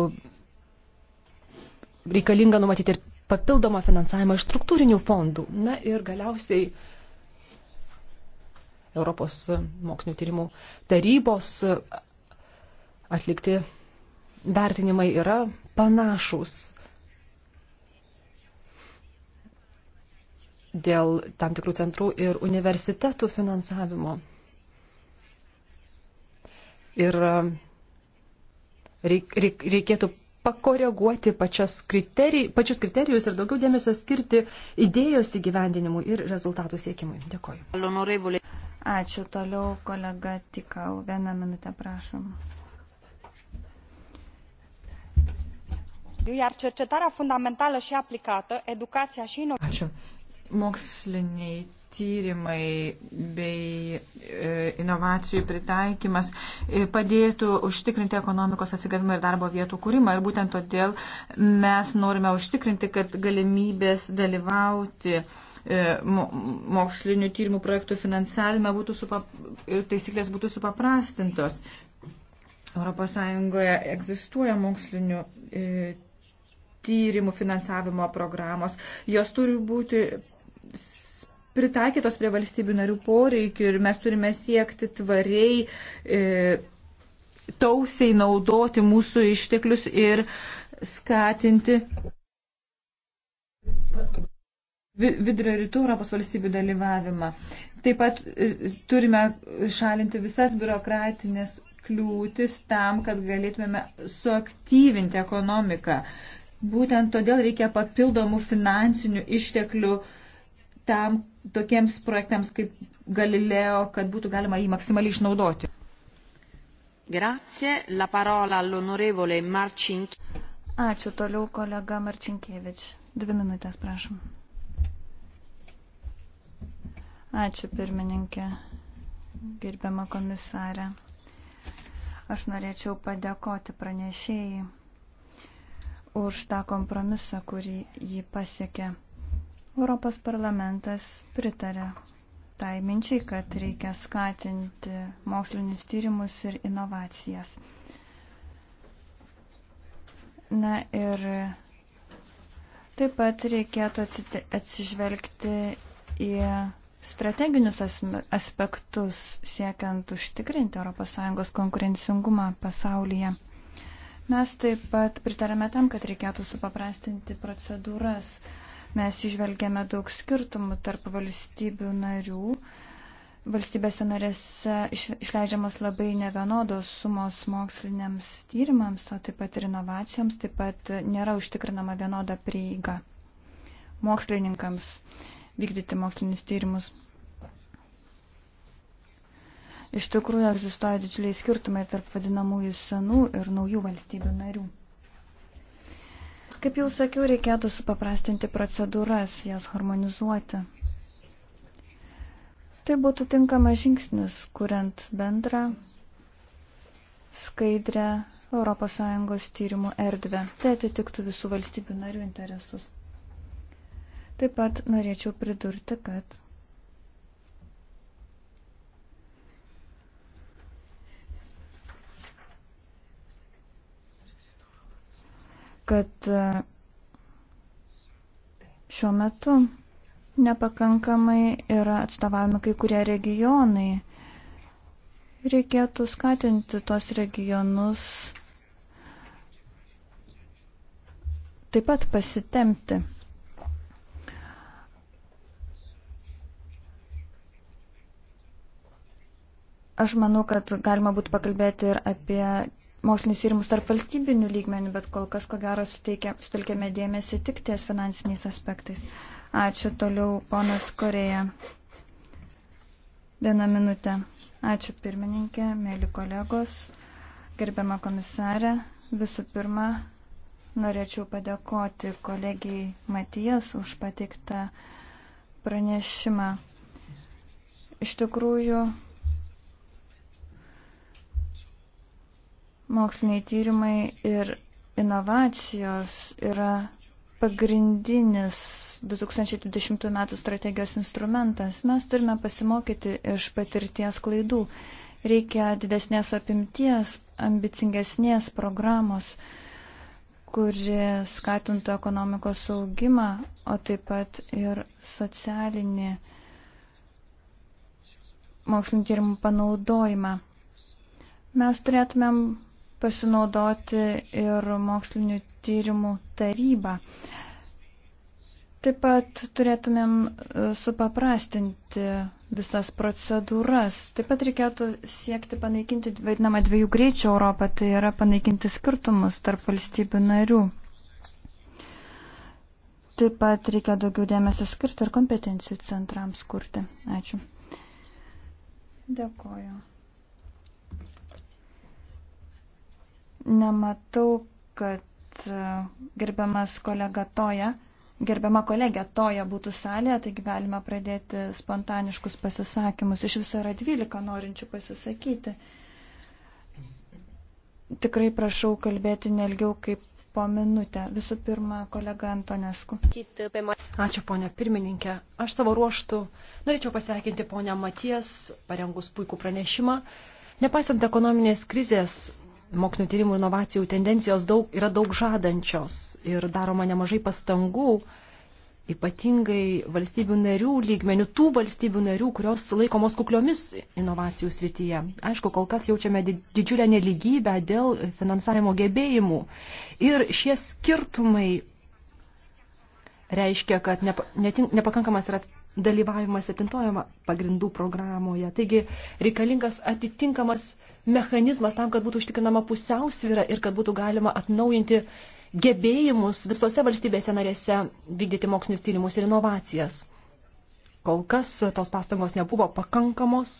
reikalinga numatyti ir papildomą finansavimą iš struktūrinių fondų. Na ir galiausiai Europos mokslinio tyrimų tarybos atlikti vertinimai yra panašus dėl tam tikrų centrų ir universitetų finansavimo. Ir reik, reik, reikėtų pakoreguoti kriterij, pačius kriterijus ir daugiau dėmesio skirti idėjos įgyvendinimui ir rezultatų siekimui. Dėkoju. Ačiū toliau, kolega Tikau. Vieną minutę prašom. iar cercetarea fundamentală și aplicată, educația și inovația. Moksliniai tyrimai bei e, inovacijų pritaikymas e, padėtų užtikrinti ekonomikos atsigavimą ir darbo vietų kūrimą. Ir būtent todėl mes norime užtikrinti, kad galimybės dalyvauti e, mokslinių tyrimų projektų finansavime būtų supap... ir taisyklės būtų supaprastintos. ES egzistuoja mokslinių tyrimų finansavimo programos. Jos turi būti pritaikytos prie valstybių narių poreikių ir mes turime siekti tvariai, e, tausiai naudoti mūsų išteklius ir skatinti vidurio rytų Europos valstybių dalyvavimą. Taip pat e, turime šalinti visas biurokratinės kliūtis tam, kad galėtumėme suaktyvinti ekonomiką. Būtent todėl reikia papildomų finansinių išteklių uh, tam tokiems projektams kaip Galileo, kad būtų galima jį maksimaliai išnaudoti. Grazie, la parola all'onorevole Marcink. Ačiū toliau kolega Marčinkievič. Dvi minutės, prašom. Ačiū pirmininkė, gerbiama komisarė. Aš norėčiau padėkoti pranešėjai už tą kompromisą, kurį jį pasiekė. Europos parlamentas pritarė tai minčiai, kad reikia skatinti mokslinius tyrimus ir inovacijas. Na ir taip pat reikėtų atsižvelgti į strateginius aspektus siekiant užtikrinti ES konkurencingumą pasaulyje. Mes taip pat pritarėme tam, kad reikėtų supaprastinti procedūras Mes išvelgiame daug skirtumų tarp valstybių narių. Valstybėse narėse išleidžiamas labai nevienodos sumos moksliniams tyrimams, o taip pat ir inovacijoms, taip pat nėra užtikrinama vienoda prieiga mokslininkams vykdyti mokslinis tyrimus. Iš tikrųjų egzistuoja didžiuliai skirtumai tarp vadinamųjų senų ir naujų valstybių narių. Kaip jau sakiau, reikėtų supaprastinti procedūras, jas harmonizuoti. Tai būtų tinkamas žingsnis, kuriant bendrą, skaidrę ES tyrimų erdvę. Tai atitiktų visų valstybių narių interesus. Taip pat norėčiau pridurti, kad kad e, šiuo metu nepakankamai yra atstovavimi kai kurie regionai. Reikėtų skatinti tuos regionus taip pat pasitemti. Aš manau, kad galima būtų pakalbėti ir apie mokslinius tyrimus tarp valstybinių lygmenių, bet kol kas, ko gero, sutelkėme dėmesį tik ties finansiniais aspektais. Ačiū toliau, ponas Koreja. Vieną minutę. Ačiū pirmininkė, mėly kolegos, gerbiama komisarė. Visų pirma, norėčiau padėkoti kolegijai Matijas už pateiktą pranešimą. Iš tikrųjų, Moksliniai tyrimai ir inovacijos yra pagrindinis 2020 m. strategijos instrumentas. Mes turime pasimokyti iš patirties klaidų. Reikia didesnės apimties, ambicingesnės programos, kuri skatintų ekonomikos augimą, o taip pat ir socialinį mokslinį tyrimų panaudojimą. Mes turėtumėm pasinaudoti ir mokslinių tyrimų tarybą. Taip pat turėtumėm e, supaprastinti visas procedūras. Taip pat reikėtų siekti panaikinti vadinamą dviejų greičių Europą, tai yra panaikinti skirtumus tarp valstybių narių. Taip pat reikia daugiau dėmesio skirti ir kompetencijų centrams kurti. Ačiū. Dėkoju. Nematau, kad e, gerbiamas kolega Toja, gerbiama kolegė Toja būtų salėje, taigi galime pradėti spontaniškus pasisakymus. Iš viso yra 12 norinčių pasisakyti. Tikrai prašau kalbėti nelgiau kaip po minutę. Visų pirma, kolega Antonesku. Ačiū, ponia pirmininkė. Aš savo ruoštų norėčiau pasveikinti ponę Maties, parengus puikų pranešimą. Nepaisant ekonominės krizės, mokslinio tyrimų inovacijų tendencijos daug, yra daug žadančios ir daroma nemažai pastangų, ypatingai valstybių narių lygmenių, tų valstybių narių, kurios laikomos kukliomis inovacijų srityje. Aišku, kol kas jaučiame didžiulę neligybę dėl finansavimo gebėjimų ir šie skirtumai reiškia, kad nepa, netink, nepakankamas yra dalyvavimas septintojame pagrindų programoje. Taigi reikalingas atitinkamas mechanizmas tam, kad būtų užtikrinama pusiausvyra ir kad būtų galima atnaujinti gebėjimus visose valstybėse narėse vykdyti mokslinius tyrimus ir inovacijas. Kol kas tos pastangos nebuvo pakankamos,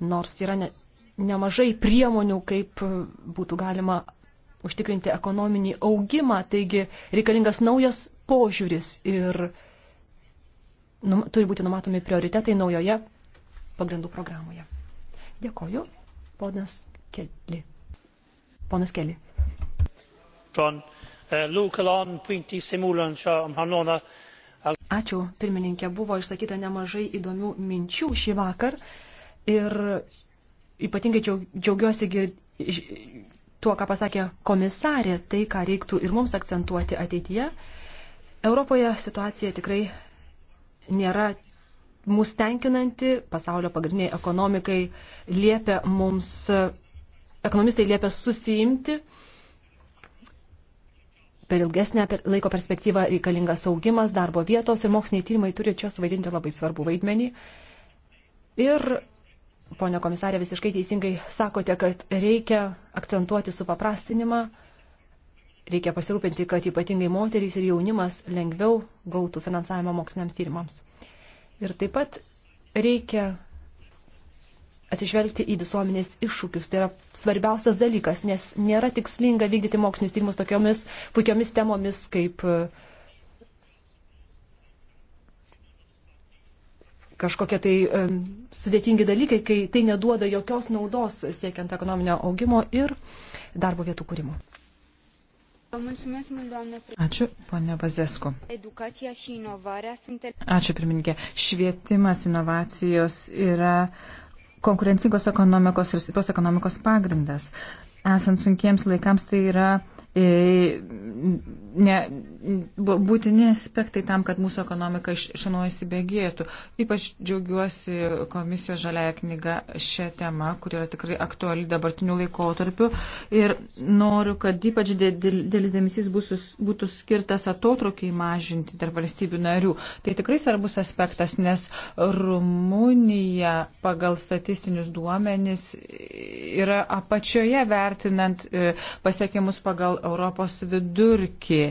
nors yra ne, nemažai priemonių, kaip būtų galima užtikrinti ekonominį augimą, taigi reikalingas naujas požiūris ir num, turi būti numatomi prioritetai naujoje pagrindų programoje. Dėkoju. Ponas Keli. Ponas Keli. Eh, Ačiū, pirmininkė. Buvo išsakyta nemažai įdomių minčių šį vakar ir ypatingai džiaugiuosi tuo, ką pasakė komisarė, tai, ką reiktų ir mums akcentuoti ateityje. Europoje situacija tikrai nėra mus tenkinanti, pasaulio pagrindiniai ekonomikai liepia mums, ekonomistai liepia susijimti. Per ilgesnę laiko perspektyvą reikalingas augimas, darbo vietos ir moksliniai tyrimai turi čia suvaidinti labai svarbu vaidmenį. Ir, ponia komisarė, visiškai teisingai sakote, kad reikia akcentuoti supaprastinimą, reikia pasirūpinti, kad ypatingai moterys ir jaunimas lengviau gautų finansavimą moksliniams tyrimams. Ir taip pat reikia atsižvelgti į visuomenės iššūkius. Tai yra svarbiausias dalykas, nes nėra tikslinga vykdyti mokslinius tyrimus tokiomis puikiomis temomis kaip e, kažkokie tai um, sudėtingi dalykai, kai tai neduoda jokios naudos siekiant ekonominio augimo ir darbo vietų kūrimo. Ačiū, ponia Bazesku. Ačiū, pirmininkė. Švietimas, inovacijos yra konkurencingos ekonomikos ir stiprios ekonomikos pagrindas. Esant sunkiems laikams, tai yra E, ne, būtini aspektai tam, kad mūsų ekonomika šiandien įsibėgėtų. Ypač džiaugiuosi komisijos žaliaja knyga šią temą, kur yra tikrai aktuali dabartiniu laikotarpiu. Ir noriu, kad ypač dėlis dėmesys būtų skirtas atotrukiai mažinti tarp valstybių narių. Tai tikrai svarbus aspektas, nes Rumunija pagal statistinius duomenis yra apačioje vertinant e, pasiekimus pagal Europos vidurkį.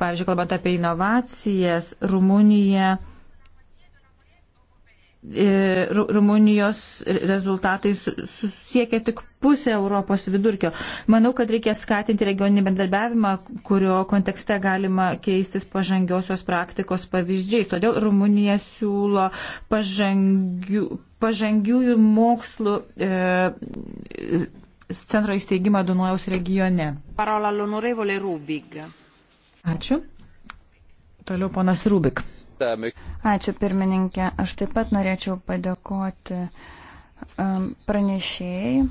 Pavyzdžiui, kalbant apie inovacijas, Rumunija. E, Rumunijos rezultatai susiekia tik pusę Europos vidurkio. Manau, kad reikia skatinti regioninį bendarbiavimą, kurio kontekste galima keistis pažangiosios praktikos pavyzdžiais. Todėl Rumunija siūlo pažangių, pažangiųjų mokslų e, centro įsteigimą Dunojaus regione. Parola l'onorevole Rubik. Ačiū. Toliau ponas Rubik. Ačiū pirmininkė. Aš taip pat norėčiau padėkoti um, pranešėjai,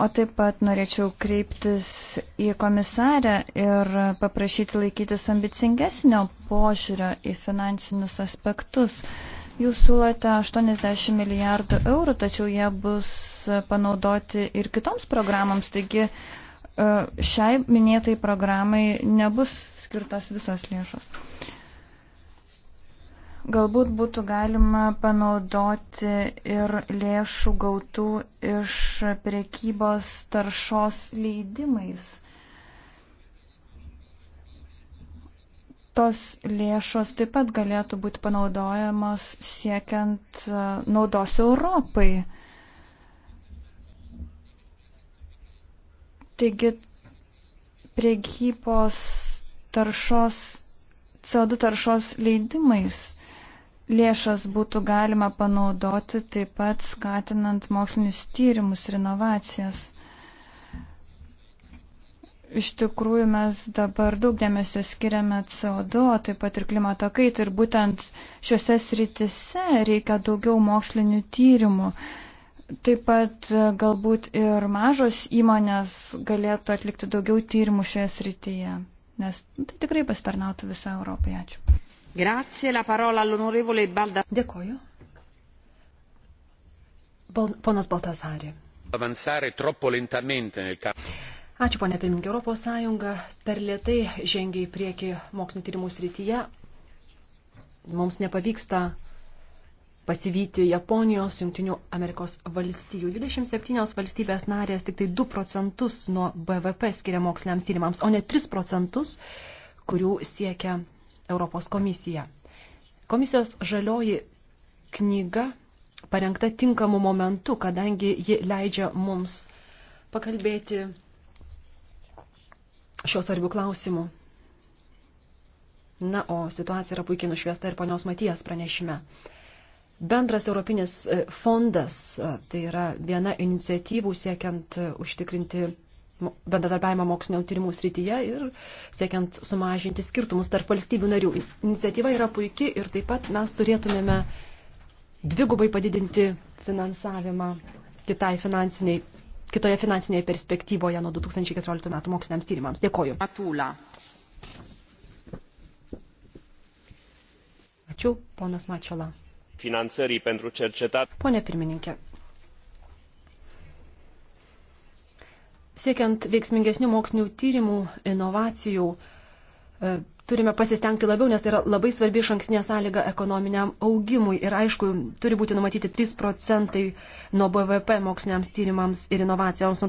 o taip pat norėčiau kreiptis į komisarę ir paprašyti laikytis ambicingesnio požiūrio į finansinius aspektus. Uh, Jūs siūlote 80 milijardų eurų, tačiau jie bus panaudoti ir kitoms programams, taigi e, šiai minėtai programai nebus skirtos visos lėšos. Galbūt būtų galima panaudoti ir lėšų gautų iš priekybos taršos leidimais tos lėšos taip pat galėtų būti panaudojamos siekiant e, naudos Europai. Taigi priekybos taršos, CO2 taršos leidimais lėšas būtų galima panaudoti taip pat skatinant mokslinius tyrimus ir inovacijas. Iš tikrųjų, mes dabar daug dėmesio skiriame CO2, taip pat ir klimato kaitai. Ir būtent šiuose sritise reikia daugiau mokslinių tyrimų. Taip pat e, galbūt ir mažos įmonės galėtų atlikti daugiau tyrimų šioje srityje, nes tai tikrai pasitarnautų visą Europą. Ačiū. Grazie, la parola all'onorevole Balda. Dėkoju. Bal ponas Baltazarė. Avanzare troppo lentamente nel campo Ačiū, ponė pirmininkė. Europos Sąjunga per lietai žengia į priekį mokslinio tyrimų srityje. Mums nepavyksta pasivyti Japonijos, Junktinių Amerikos valstijų. 27 valstybės narės tik tai 2 procentus nuo BVP skiria moksliniams tyrimams, o ne 3 procentus, kurių siekia Europos komisija. Komisijos žalioji knyga parengta tinkamu momentu, kadangi ji leidžia mums pakalbėti šios svarbių klausimų. Na, o situacija yra puikiai nušviesta ir ponios Matijas pranešime. Bendras Europinis e, fondas e, tai yra viena iniciatyvų siekiant e, užtikrinti bendradarbiavimą mokslinio tyrimų srityje ir siekiant sumažinti skirtumus tarp valstybių narių. Iniciatyva yra puikia ir taip pat mes turėtumėme dvigubai padidinti finansavimą kitai finansiniai kitoje finansinėje perspektyvoje nuo 2014 metų moksliniams tyrimams. Dėkoju. Matula. Ačiū, ponas Mačiola. Finansării pentru cercetare. Pone pirmininkė. Siekiant veiksmingesnių mokslinių tyrimų, inovacijų, e, turime pasistengti labiau, nes tai yra labai svarbi šanksnė sąlyga ekonominiam augimui. Ir aišku, turi būti numatyti 3 procentai nuo BVP moksliniams tyrimams ir inovacijoms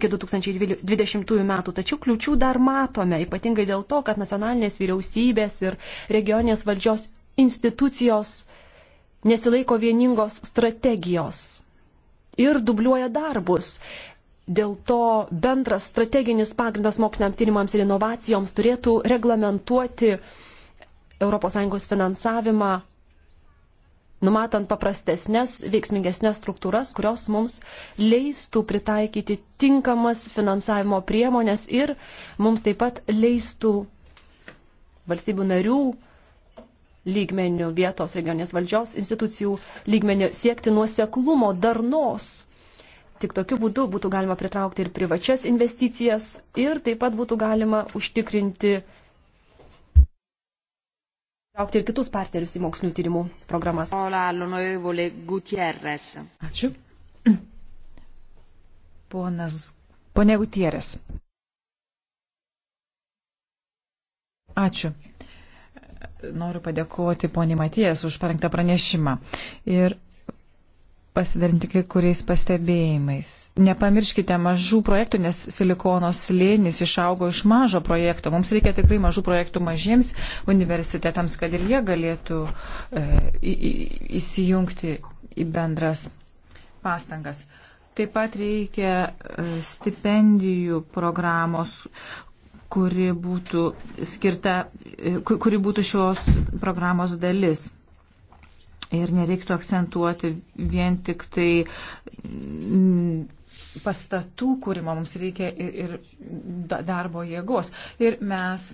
iki 2020 metų. Tačiau kliučių dar matome, ypatingai dėl to, kad nacionalinės vyriausybės ir regioninės valdžios institucijos nesilaiko vieningos strategijos ir dubliuoja darbus. Dėl to bendras strateginis pagrindas moksliniam tyrimams ir inovacijoms turėtų reglamentuoti ES finansavimą, numatant paprastesnės, veiksmingesnės struktūras, kurios mums leistų pritaikyti tinkamas finansavimo priemonės ir mums taip pat leistų valstybių narių lygmenių vietos regionės valdžios institucijų lygmenių siekti nuoseklumo darnos Tik tokiu būdu būtų galima pritraukti ir privačias investicijas ir taip pat būtų galima užtikrinti traukti ir kitus partnerius į mokslinių tyrimų programas. Ačiū. Ponas, ponė Gutierės. Ačiū. Noriu padėkoti poniai Matijas už parengtą pranešimą. Ir pasidalinti kai kuriais pastebėjimais. Nepamirškite mažų projektų, nes silikono slėnis išaugo iš mažo projekto. Mums reikia tikrai mažų projektų mažiems universitetams, kad ir jie galėtų e, į, į, įsijungti į bendras pastangas. Taip pat reikia e, stipendijų programos, kuri būtų, skirta, e, kuri būtų šios programos dalis. Ir nereiktų akcentuoti vien tik tai mm, pastatų kūrimo, mums reikia ir, ir darbo jėgos. Ir mes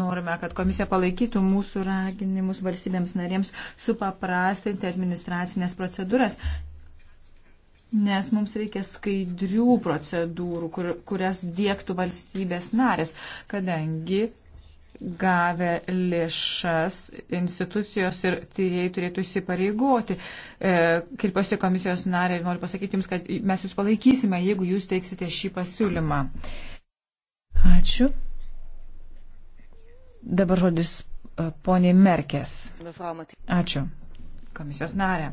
norime, kad komisija palaikytų mūsų raginimus valstybėms narėms supaprastinti administracinės procedūras, Nes mums reikia skaidrių procedūrų, kur, kurias dėktų valstybės narės, kadangi gavę lėšas institucijos ir tyrėjai turėtų įsipareigoti. E, Kirpiuosi komisijos narė ir noriu pasakyti Jums, kad mes Jūs palaikysime, jeigu Jūs teiksite šį pasiūlymą. Ačiū. Dabar žodis e, poniai Merkės. Ačiū. Komisijos narė.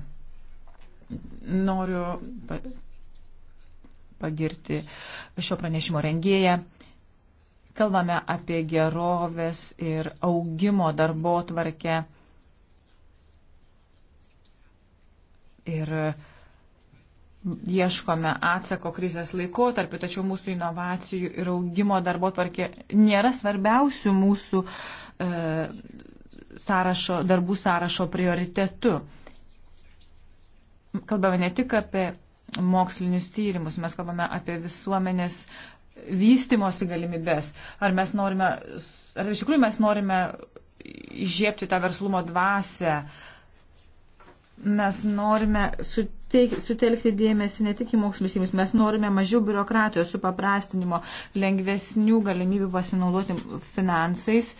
Noriu pagirti šio pranešimo rengėją Kalbame apie gerovės ir augimo darbo tvarkę. Ir ieškome atsako krizės laikotarpiu, tačiau mūsų inovacijų ir augimo darbo tvarkė nėra svarbiausių mūsų e, sąrašo, darbų sąrašo prioritetu. Kalbame ne tik apie mokslinius tyrimus, mes kalbame apie visuomenės vystimosi galimybės, ar mes norime, ar iš tikrųjų mes norime įžiepti tą verslumo dvasę, mes norime suteik, sutelkti dėmesį ne tik į mokslinius tyrimus, mes norime mažiau biurokratijos, supaprastinimo, lengvesnių galimybių pasinaudoti finansais,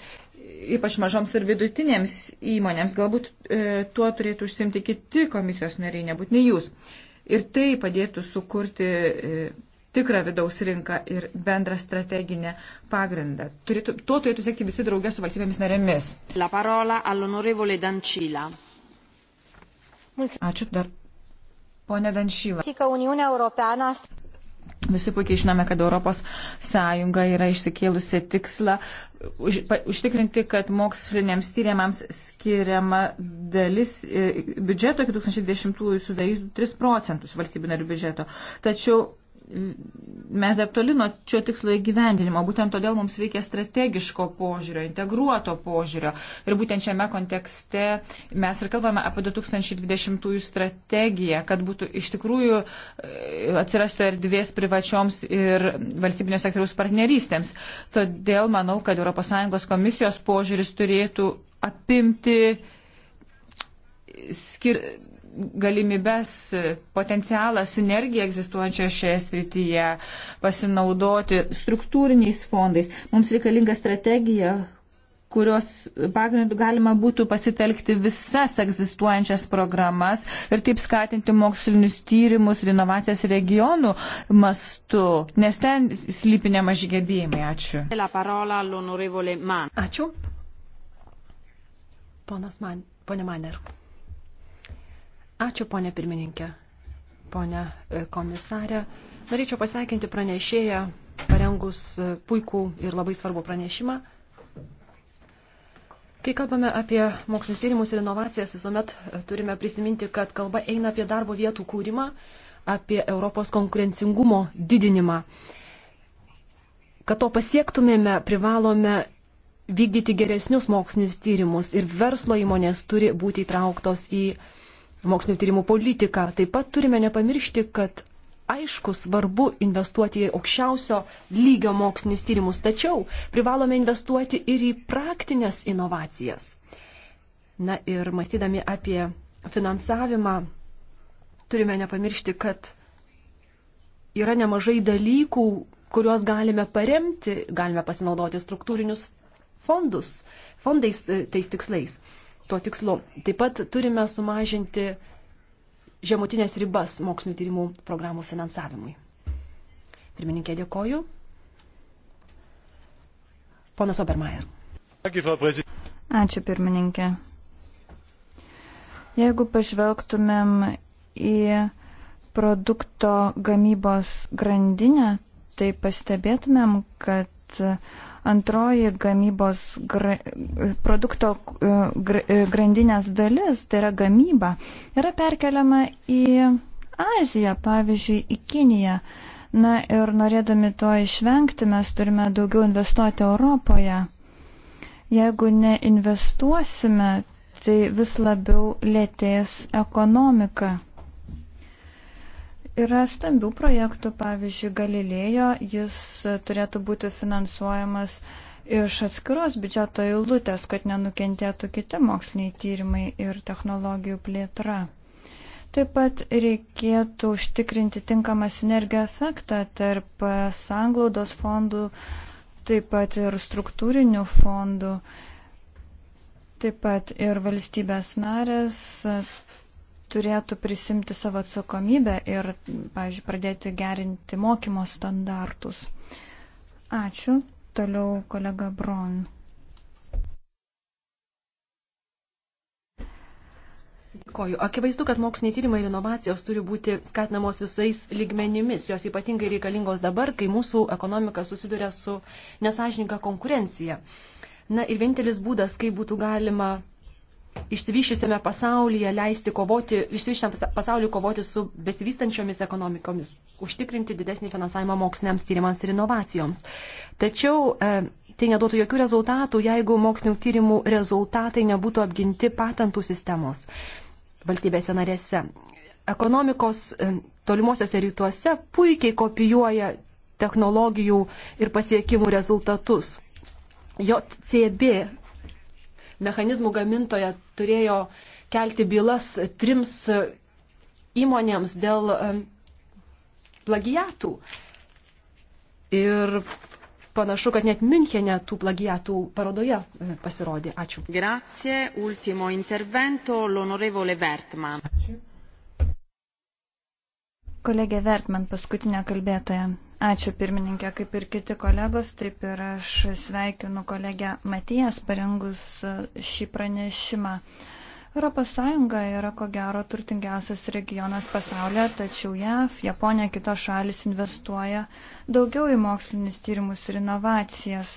ypač mažoms ir vidutinėms įmonėms. Galbūt e, tuo turėtų užsimti kiti komisijos nariai, nebūtinai jūs. Ir tai padėtų sukurti. E, tikrą vidaus rinką ir bendrą strateginę pagrindą. Turėtų, to turėtų siekti visi draugės su valstybėmis narėmis. Ačiū dar. Pone Danšyla. Visi puikiai žinome, kad Europos Sąjunga yra išsikėlusi tikslą už, pa, užtikrinti, kad moksliniams tyriamams skiriama dalis e, biudžeto iki 2010-ųjų sudarytų 3 procentus valstybių narių biudžeto. Tačiau mes dar toli nuo šio tikslo įgyvendinimo. Būtent todėl mums reikia strategiško požiūrio, integruoto požiūrio. Ir būtent šiame kontekste mes ir kalbame apie 2020 strategiją, kad būtų iš tikrųjų e, atsirastų erdvės privačioms ir valstybinio sektoriaus partnerystėms. Todėl manau, kad ES komisijos požiūris turėtų apimti skir galimybes, potencialą, sinergiją egzistuojančią šioje srityje, pasinaudoti struktūriniais fondais. Mums reikalinga strategija, kurios pagrindų galima būtų pasitelkti visas egzistuojančias programas ir taip skatinti mokslinius tyrimus ir inovacijas regionų mastu, nes ten slypi nemaži gebėjimai. Ačiū. Ačiū. Ponas man, ponė Maner. Ačiū, ponė pirmininkė. Pone e, komisarė, norėčiau pasveikinti pranešėją, parengus e, puikų ir labai svarbų pranešimą. Kai kalbame apie mokslinis tyrimus ir inovacijas, visuomet e, turime prisiminti, kad kalba eina apie darbo vietų kūrimą, apie Europos konkurencingumo didinimą. Kad to pasiektumėme, privalome vykdyti geresnius mokslinius tyrimus ir verslo įmonės turi būti įtrauktos į mokslinio tyrimų politiką. Taip pat turime nepamiršti, kad aišku svarbu investuoti į aukščiausio lygio mokslinius tyrimus, tačiau privalome investuoti ir į praktinės inovacijas. Na ir mąstydami apie finansavimą, turime nepamiršti, kad yra nemažai dalykų, kuriuos galime paremti, galime pasinaudoti struktūrinius fondus, fondais e, tais tikslais tuo tikslu. Taip pat turime sumažinti žemutinės ribas mokslinio tyrimų programų finansavimui. Pirmininkė, dėkoju. Ponas Obermeier. Ačiū, pirmininkė. Jeigu pažvelgtumėm į produkto gamybos grandinę, tai pastebėtumėm, kad antroji gamybos gra, produkto e, gra, e, grandinės dalis, tai yra gamyba, yra perkeliama į Aziją, pavyzdžiui, į Kiniją. Na ir norėdami to išvengti, mes turime daugiau investuoti Europoje. Jeigu neinvestuosime, tai vis labiau lėtės ekonomika. Yra stambių projektų, pavyzdžiui, Galilėjo, jis turėtų būti finansuojamas iš atskiros biudžeto eilutės, kad nenukentėtų kiti moksliniai tyrimai ir technologijų plėtra. Taip pat reikėtų užtikrinti tinkamą sinergiją efektą tarp sanglaudos fondų, taip pat ir struktūrinių fondų, taip pat ir valstybės narės turėtų prisimti savo atsakomybę ir, pavyzdžiui, pradėti gerinti mokymo standartus. Ačiū. Toliau kolega Bron. Dėkoju. Akivaizdu, kad moksliniai tyrimai ir inovacijos turi būti skatinamos visais lygmenimis. Jos ypatingai reikalingos dabar, kai mūsų ekonomika susiduria su nesažininka konkurencija. Na ir vienintelis būdas, kaip būtų galima išsivyščiusiame pasaulyje leisti kovoti, išsivyščiam pasauliu kovoti su besivystančiomis ekonomikomis, užtikrinti didesnį finansavimą moksliniams tyrimams ir inovacijoms. Tačiau e, tai neduotų jokių rezultatų, jeigu mokslinių tyrimų rezultatai nebūtų apginti patentų sistemos valstybėse narėse. Ekonomikos e, tolimuosiuose rytuose puikiai kopijuoja technologijų ir pasiekimų rezultatus. JCB mechanizmų gamintoja turėjo kelti bylas trims įmonėms dėl plagiatų. Ir panašu, kad net Münchenė tų plagiatų parodoje pasirodė. Ačiū. Grazie. Ultimo intervento, l'onorevole Vertman. Ačiū. Kolegė Vertman, paskutinė kalbėtoja. Ačiū pirmininkė, kaip ir kiti kolegos, taip ir aš sveikinu kolegę Matijas parengus šį pranešimą. ES yra ko gero turtingiausias regionas pasaulyje, tačiau JAV, Japonija, kitos šalis investuoja daugiau į mokslinius tyrimus ir inovacijas.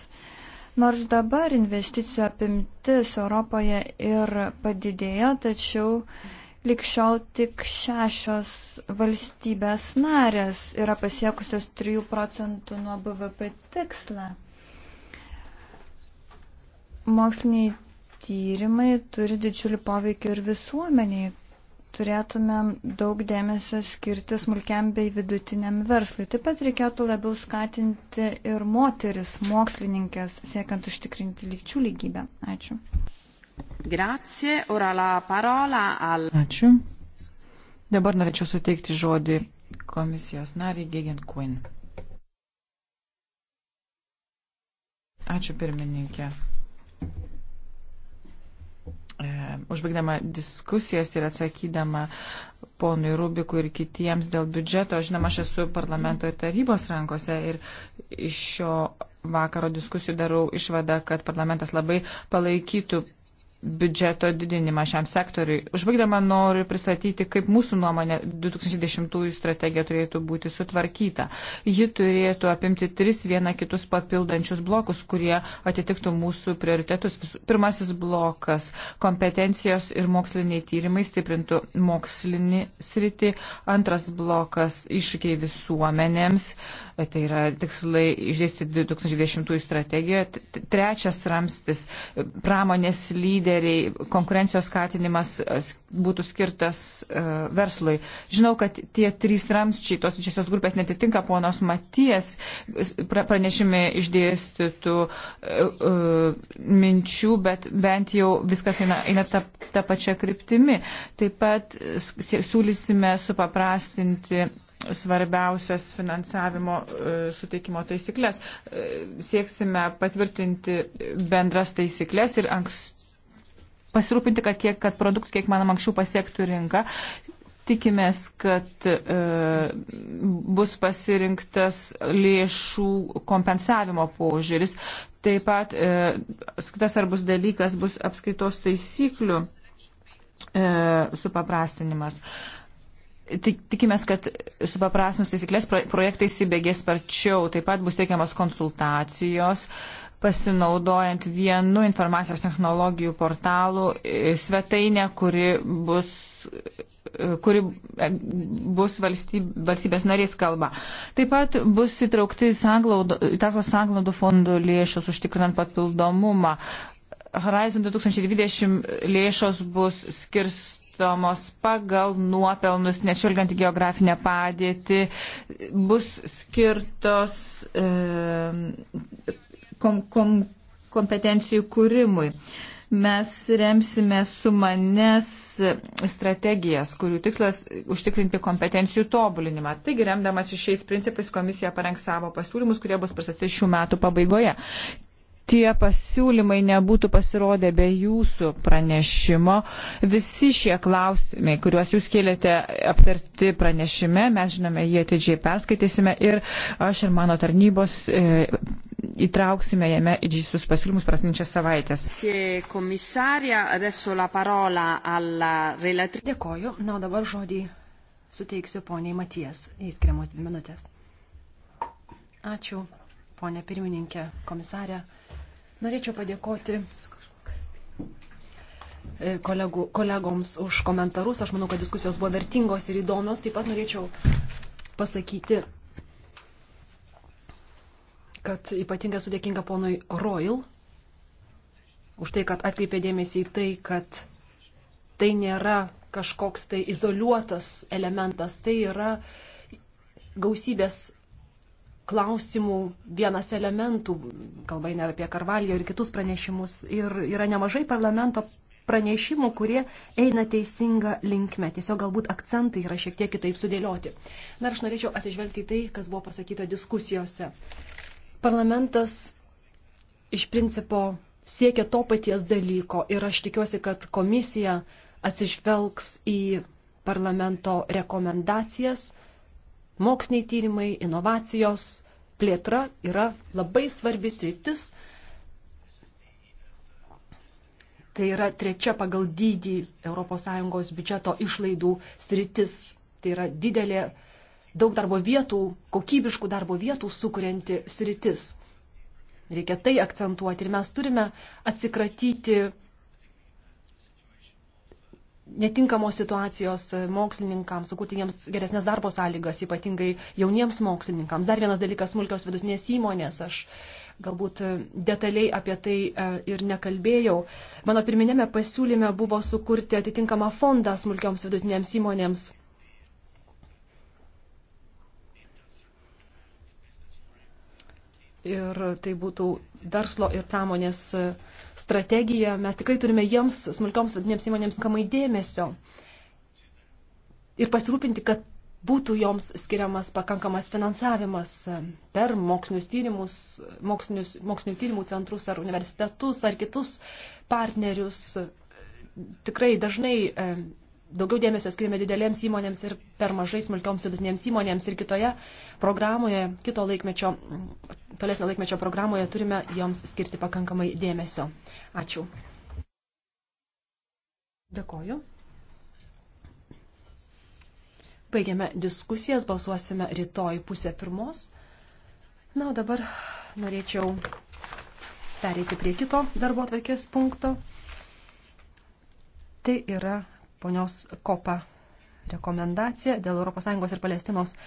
Nors dabar investicijų apimtis Europoje ir padidėjo, tačiau. Mm likščiol tik šešios valstybės narės yra pasiekusios 3 procentų nuo BVP tikslą. Moksliniai tyrimai turi didžiulį poveikį ir visuomeniai. Turėtumėm daug dėmesio skirti smulkiam bei vidutiniam verslui. Taip pat reikėtų labiau skatinti ir moteris mokslininkės, siekiant užtikrinti lygčių lygybę. Ačiū. Grazie, ora la parola al. Ačiū. Dabar norėčiau suteikti žodį komisijos nariai Gegen Quinn. Ačiū pirmininkė. E, užbaigdama diskusijas ir atsakydama ponui Rubikui ir kitiems dėl biudžeto, žinoma, aš esu parlamento ir tarybos rankose ir iš šio vakaro diskusijų darau išvadą, kad parlamentas labai palaikytų biudžeto didinimą šiam sektoriui. Užbaigdama noriu pristatyti, kaip mūsų nuomonė 2010 strategija turėtų būti sutvarkyta. Ji turėtų apimti tris vieną kitus papildančius blokus, kurie atitiktų mūsų prioritetus. Pirmasis blokas - kompetencijos ir moksliniai tyrimai stiprintų mokslinį sritį. Antras blokas - iššūkiai visuomenėms. Uh, tai yra tikslai išdėstyti 2020 strategijoje. Trečias ramstis - pramonės lyderiai, konkurencijos skatinimas e, būtų skirtas e, verslui. Žinau, kad tie trys ramsčiai tos didžiosios grupės netitinka ponos Maties e, pranešime išdėstytų minčių, bet bent jau viskas eina, eina ta, ta pačia kryptimi. Taip pat siūlysime supaprastinti svarbiausias finansavimo e, suteikimo taisyklės. E, sieksime patvirtinti bendras taisyklės ir ankst... pasirūpinti, kad, kiek, kad produktų kiek manoma anksčiau pasiektų rinką. Tikimės, kad e, bus pasirinktas lėšų kompensavimo požiūris. Taip pat e, kitas svarbus dalykas bus apskaitos taisyklių e, supaprastinimas. E, Tikimės, kad supaprasnus taisyklės projektai įsibėgės sparčiau. Taip pat bus teikiamas konsultacijos, pasinaudojant vienu informacijos technologijų portalų e, svetainę, kuri bus e, kuri e, bus valstyb, valstybės narės kalba. Taip pat bus įtraukti įtakos sanglaudų fondų lėšos užtikrinant papildomumą. Horizon 2020 lėšos bus skirs skirstomos pagal nuopelnus, nešilgiant geografinę padėtį, bus skirtos e, kom, kom, kompetencijų kūrimui. Mes remsime su manęs strategijas, kurių tikslas užtikrinti kompetencijų tobulinimą. Taigi, remdamas šiais principais, komisija parengs savo pasiūlymus, kurie bus prasasti šių metų pabaigoje tie pasiūlymai nebūtų pasirodę be jūsų pranešimo. Visi šie klausimai, kuriuos jūs kėlėte aptarti pranešime, mes žinome, jie atidžiai perskaitysime ir aš ir mano tarnybos e, įtrauksime jame didžiusius pasiūlymus pratinčią savaitę. Dėkoju. Na, o dabar žodį suteiksiu poniai Matijas. Įskiriamos dvi minutės. Ačiū, ponė pirmininkė, komisarė. Norėčiau padėkoti e, kolegų, kolegoms už komentarus. Aš manau, kad diskusijos buvo vertingos ir įdomios. Taip pat norėčiau pasakyti, kad ypatingai sudėkinga ponui Royal už tai, kad atkreipė dėmesį į tai, kad tai nėra kažkoks tai izoliuotas elementas, tai yra gausybės klausimų vienas elementų, kalba eina apie Karvalijo ir kitus pranešimus, ir yra nemažai parlamento pranešimų, kurie eina teisinga linkme. Tiesiog galbūt akcentai yra šiek tiek kitaip sudėlioti. Dar aš norėčiau atsižvelgti į tai, kas buvo pasakyta diskusijose. Parlamentas iš principo siekia to paties dalyko ir aš tikiuosi, kad komisija atsižvelgs į parlamento rekomendacijas moksliniai tyrimai, inovacijos, plėtra yra labai svarbis rytis. Tai yra trečia pagal dydį ES biudžeto išlaidų sritis. Tai yra didelė, daug darbo vietų, kokybiškų darbo vietų sukurianti sritis. Reikia tai akcentuoti ir mes turime atsikratyti netinkamos situacijos mokslininkams, sukurti jiems geresnės darbo sąlygas, ypatingai jauniems mokslininkams. Dar vienas dalykas - smulkios vidutinės įmonės. Aš galbūt detaliai apie tai e, ir nekalbėjau. Mano pirminėme pasiūlyme buvo sukurti atitinkamą fondą smulkioms vidutinėms įmonėms. Ir tai būtų verslo ir pramonės uh, strategiją, mes tikrai turime jiems, smulkioms vidinėms įmonėms, kamai dėmesio ir pasirūpinti, kad būtų joms skiriamas pakankamas finansavimas per mokslinius tyrimus, mokslinius, mokslinių tyrimų centrus ar universitetus ar kitus partnerius. Tikrai dažnai daugiau dėmesio skiriame didelėms įmonėms ir per mažai smulkioms vidutinėms įmonėms. Ir kitoje programoje, kito laikmečio, tolesnio laikmečio programoje turime joms skirti pakankamai dėmesio. Ačiū. Dėkoju. Baigiame diskusijas, balsuosime rytoj pusę pirmos. Na, o dabar norėčiau pereiti prie kito darbo atveikės punkto. Tai yra ponios Kopa rekomendacija dėl ES ir Palestinos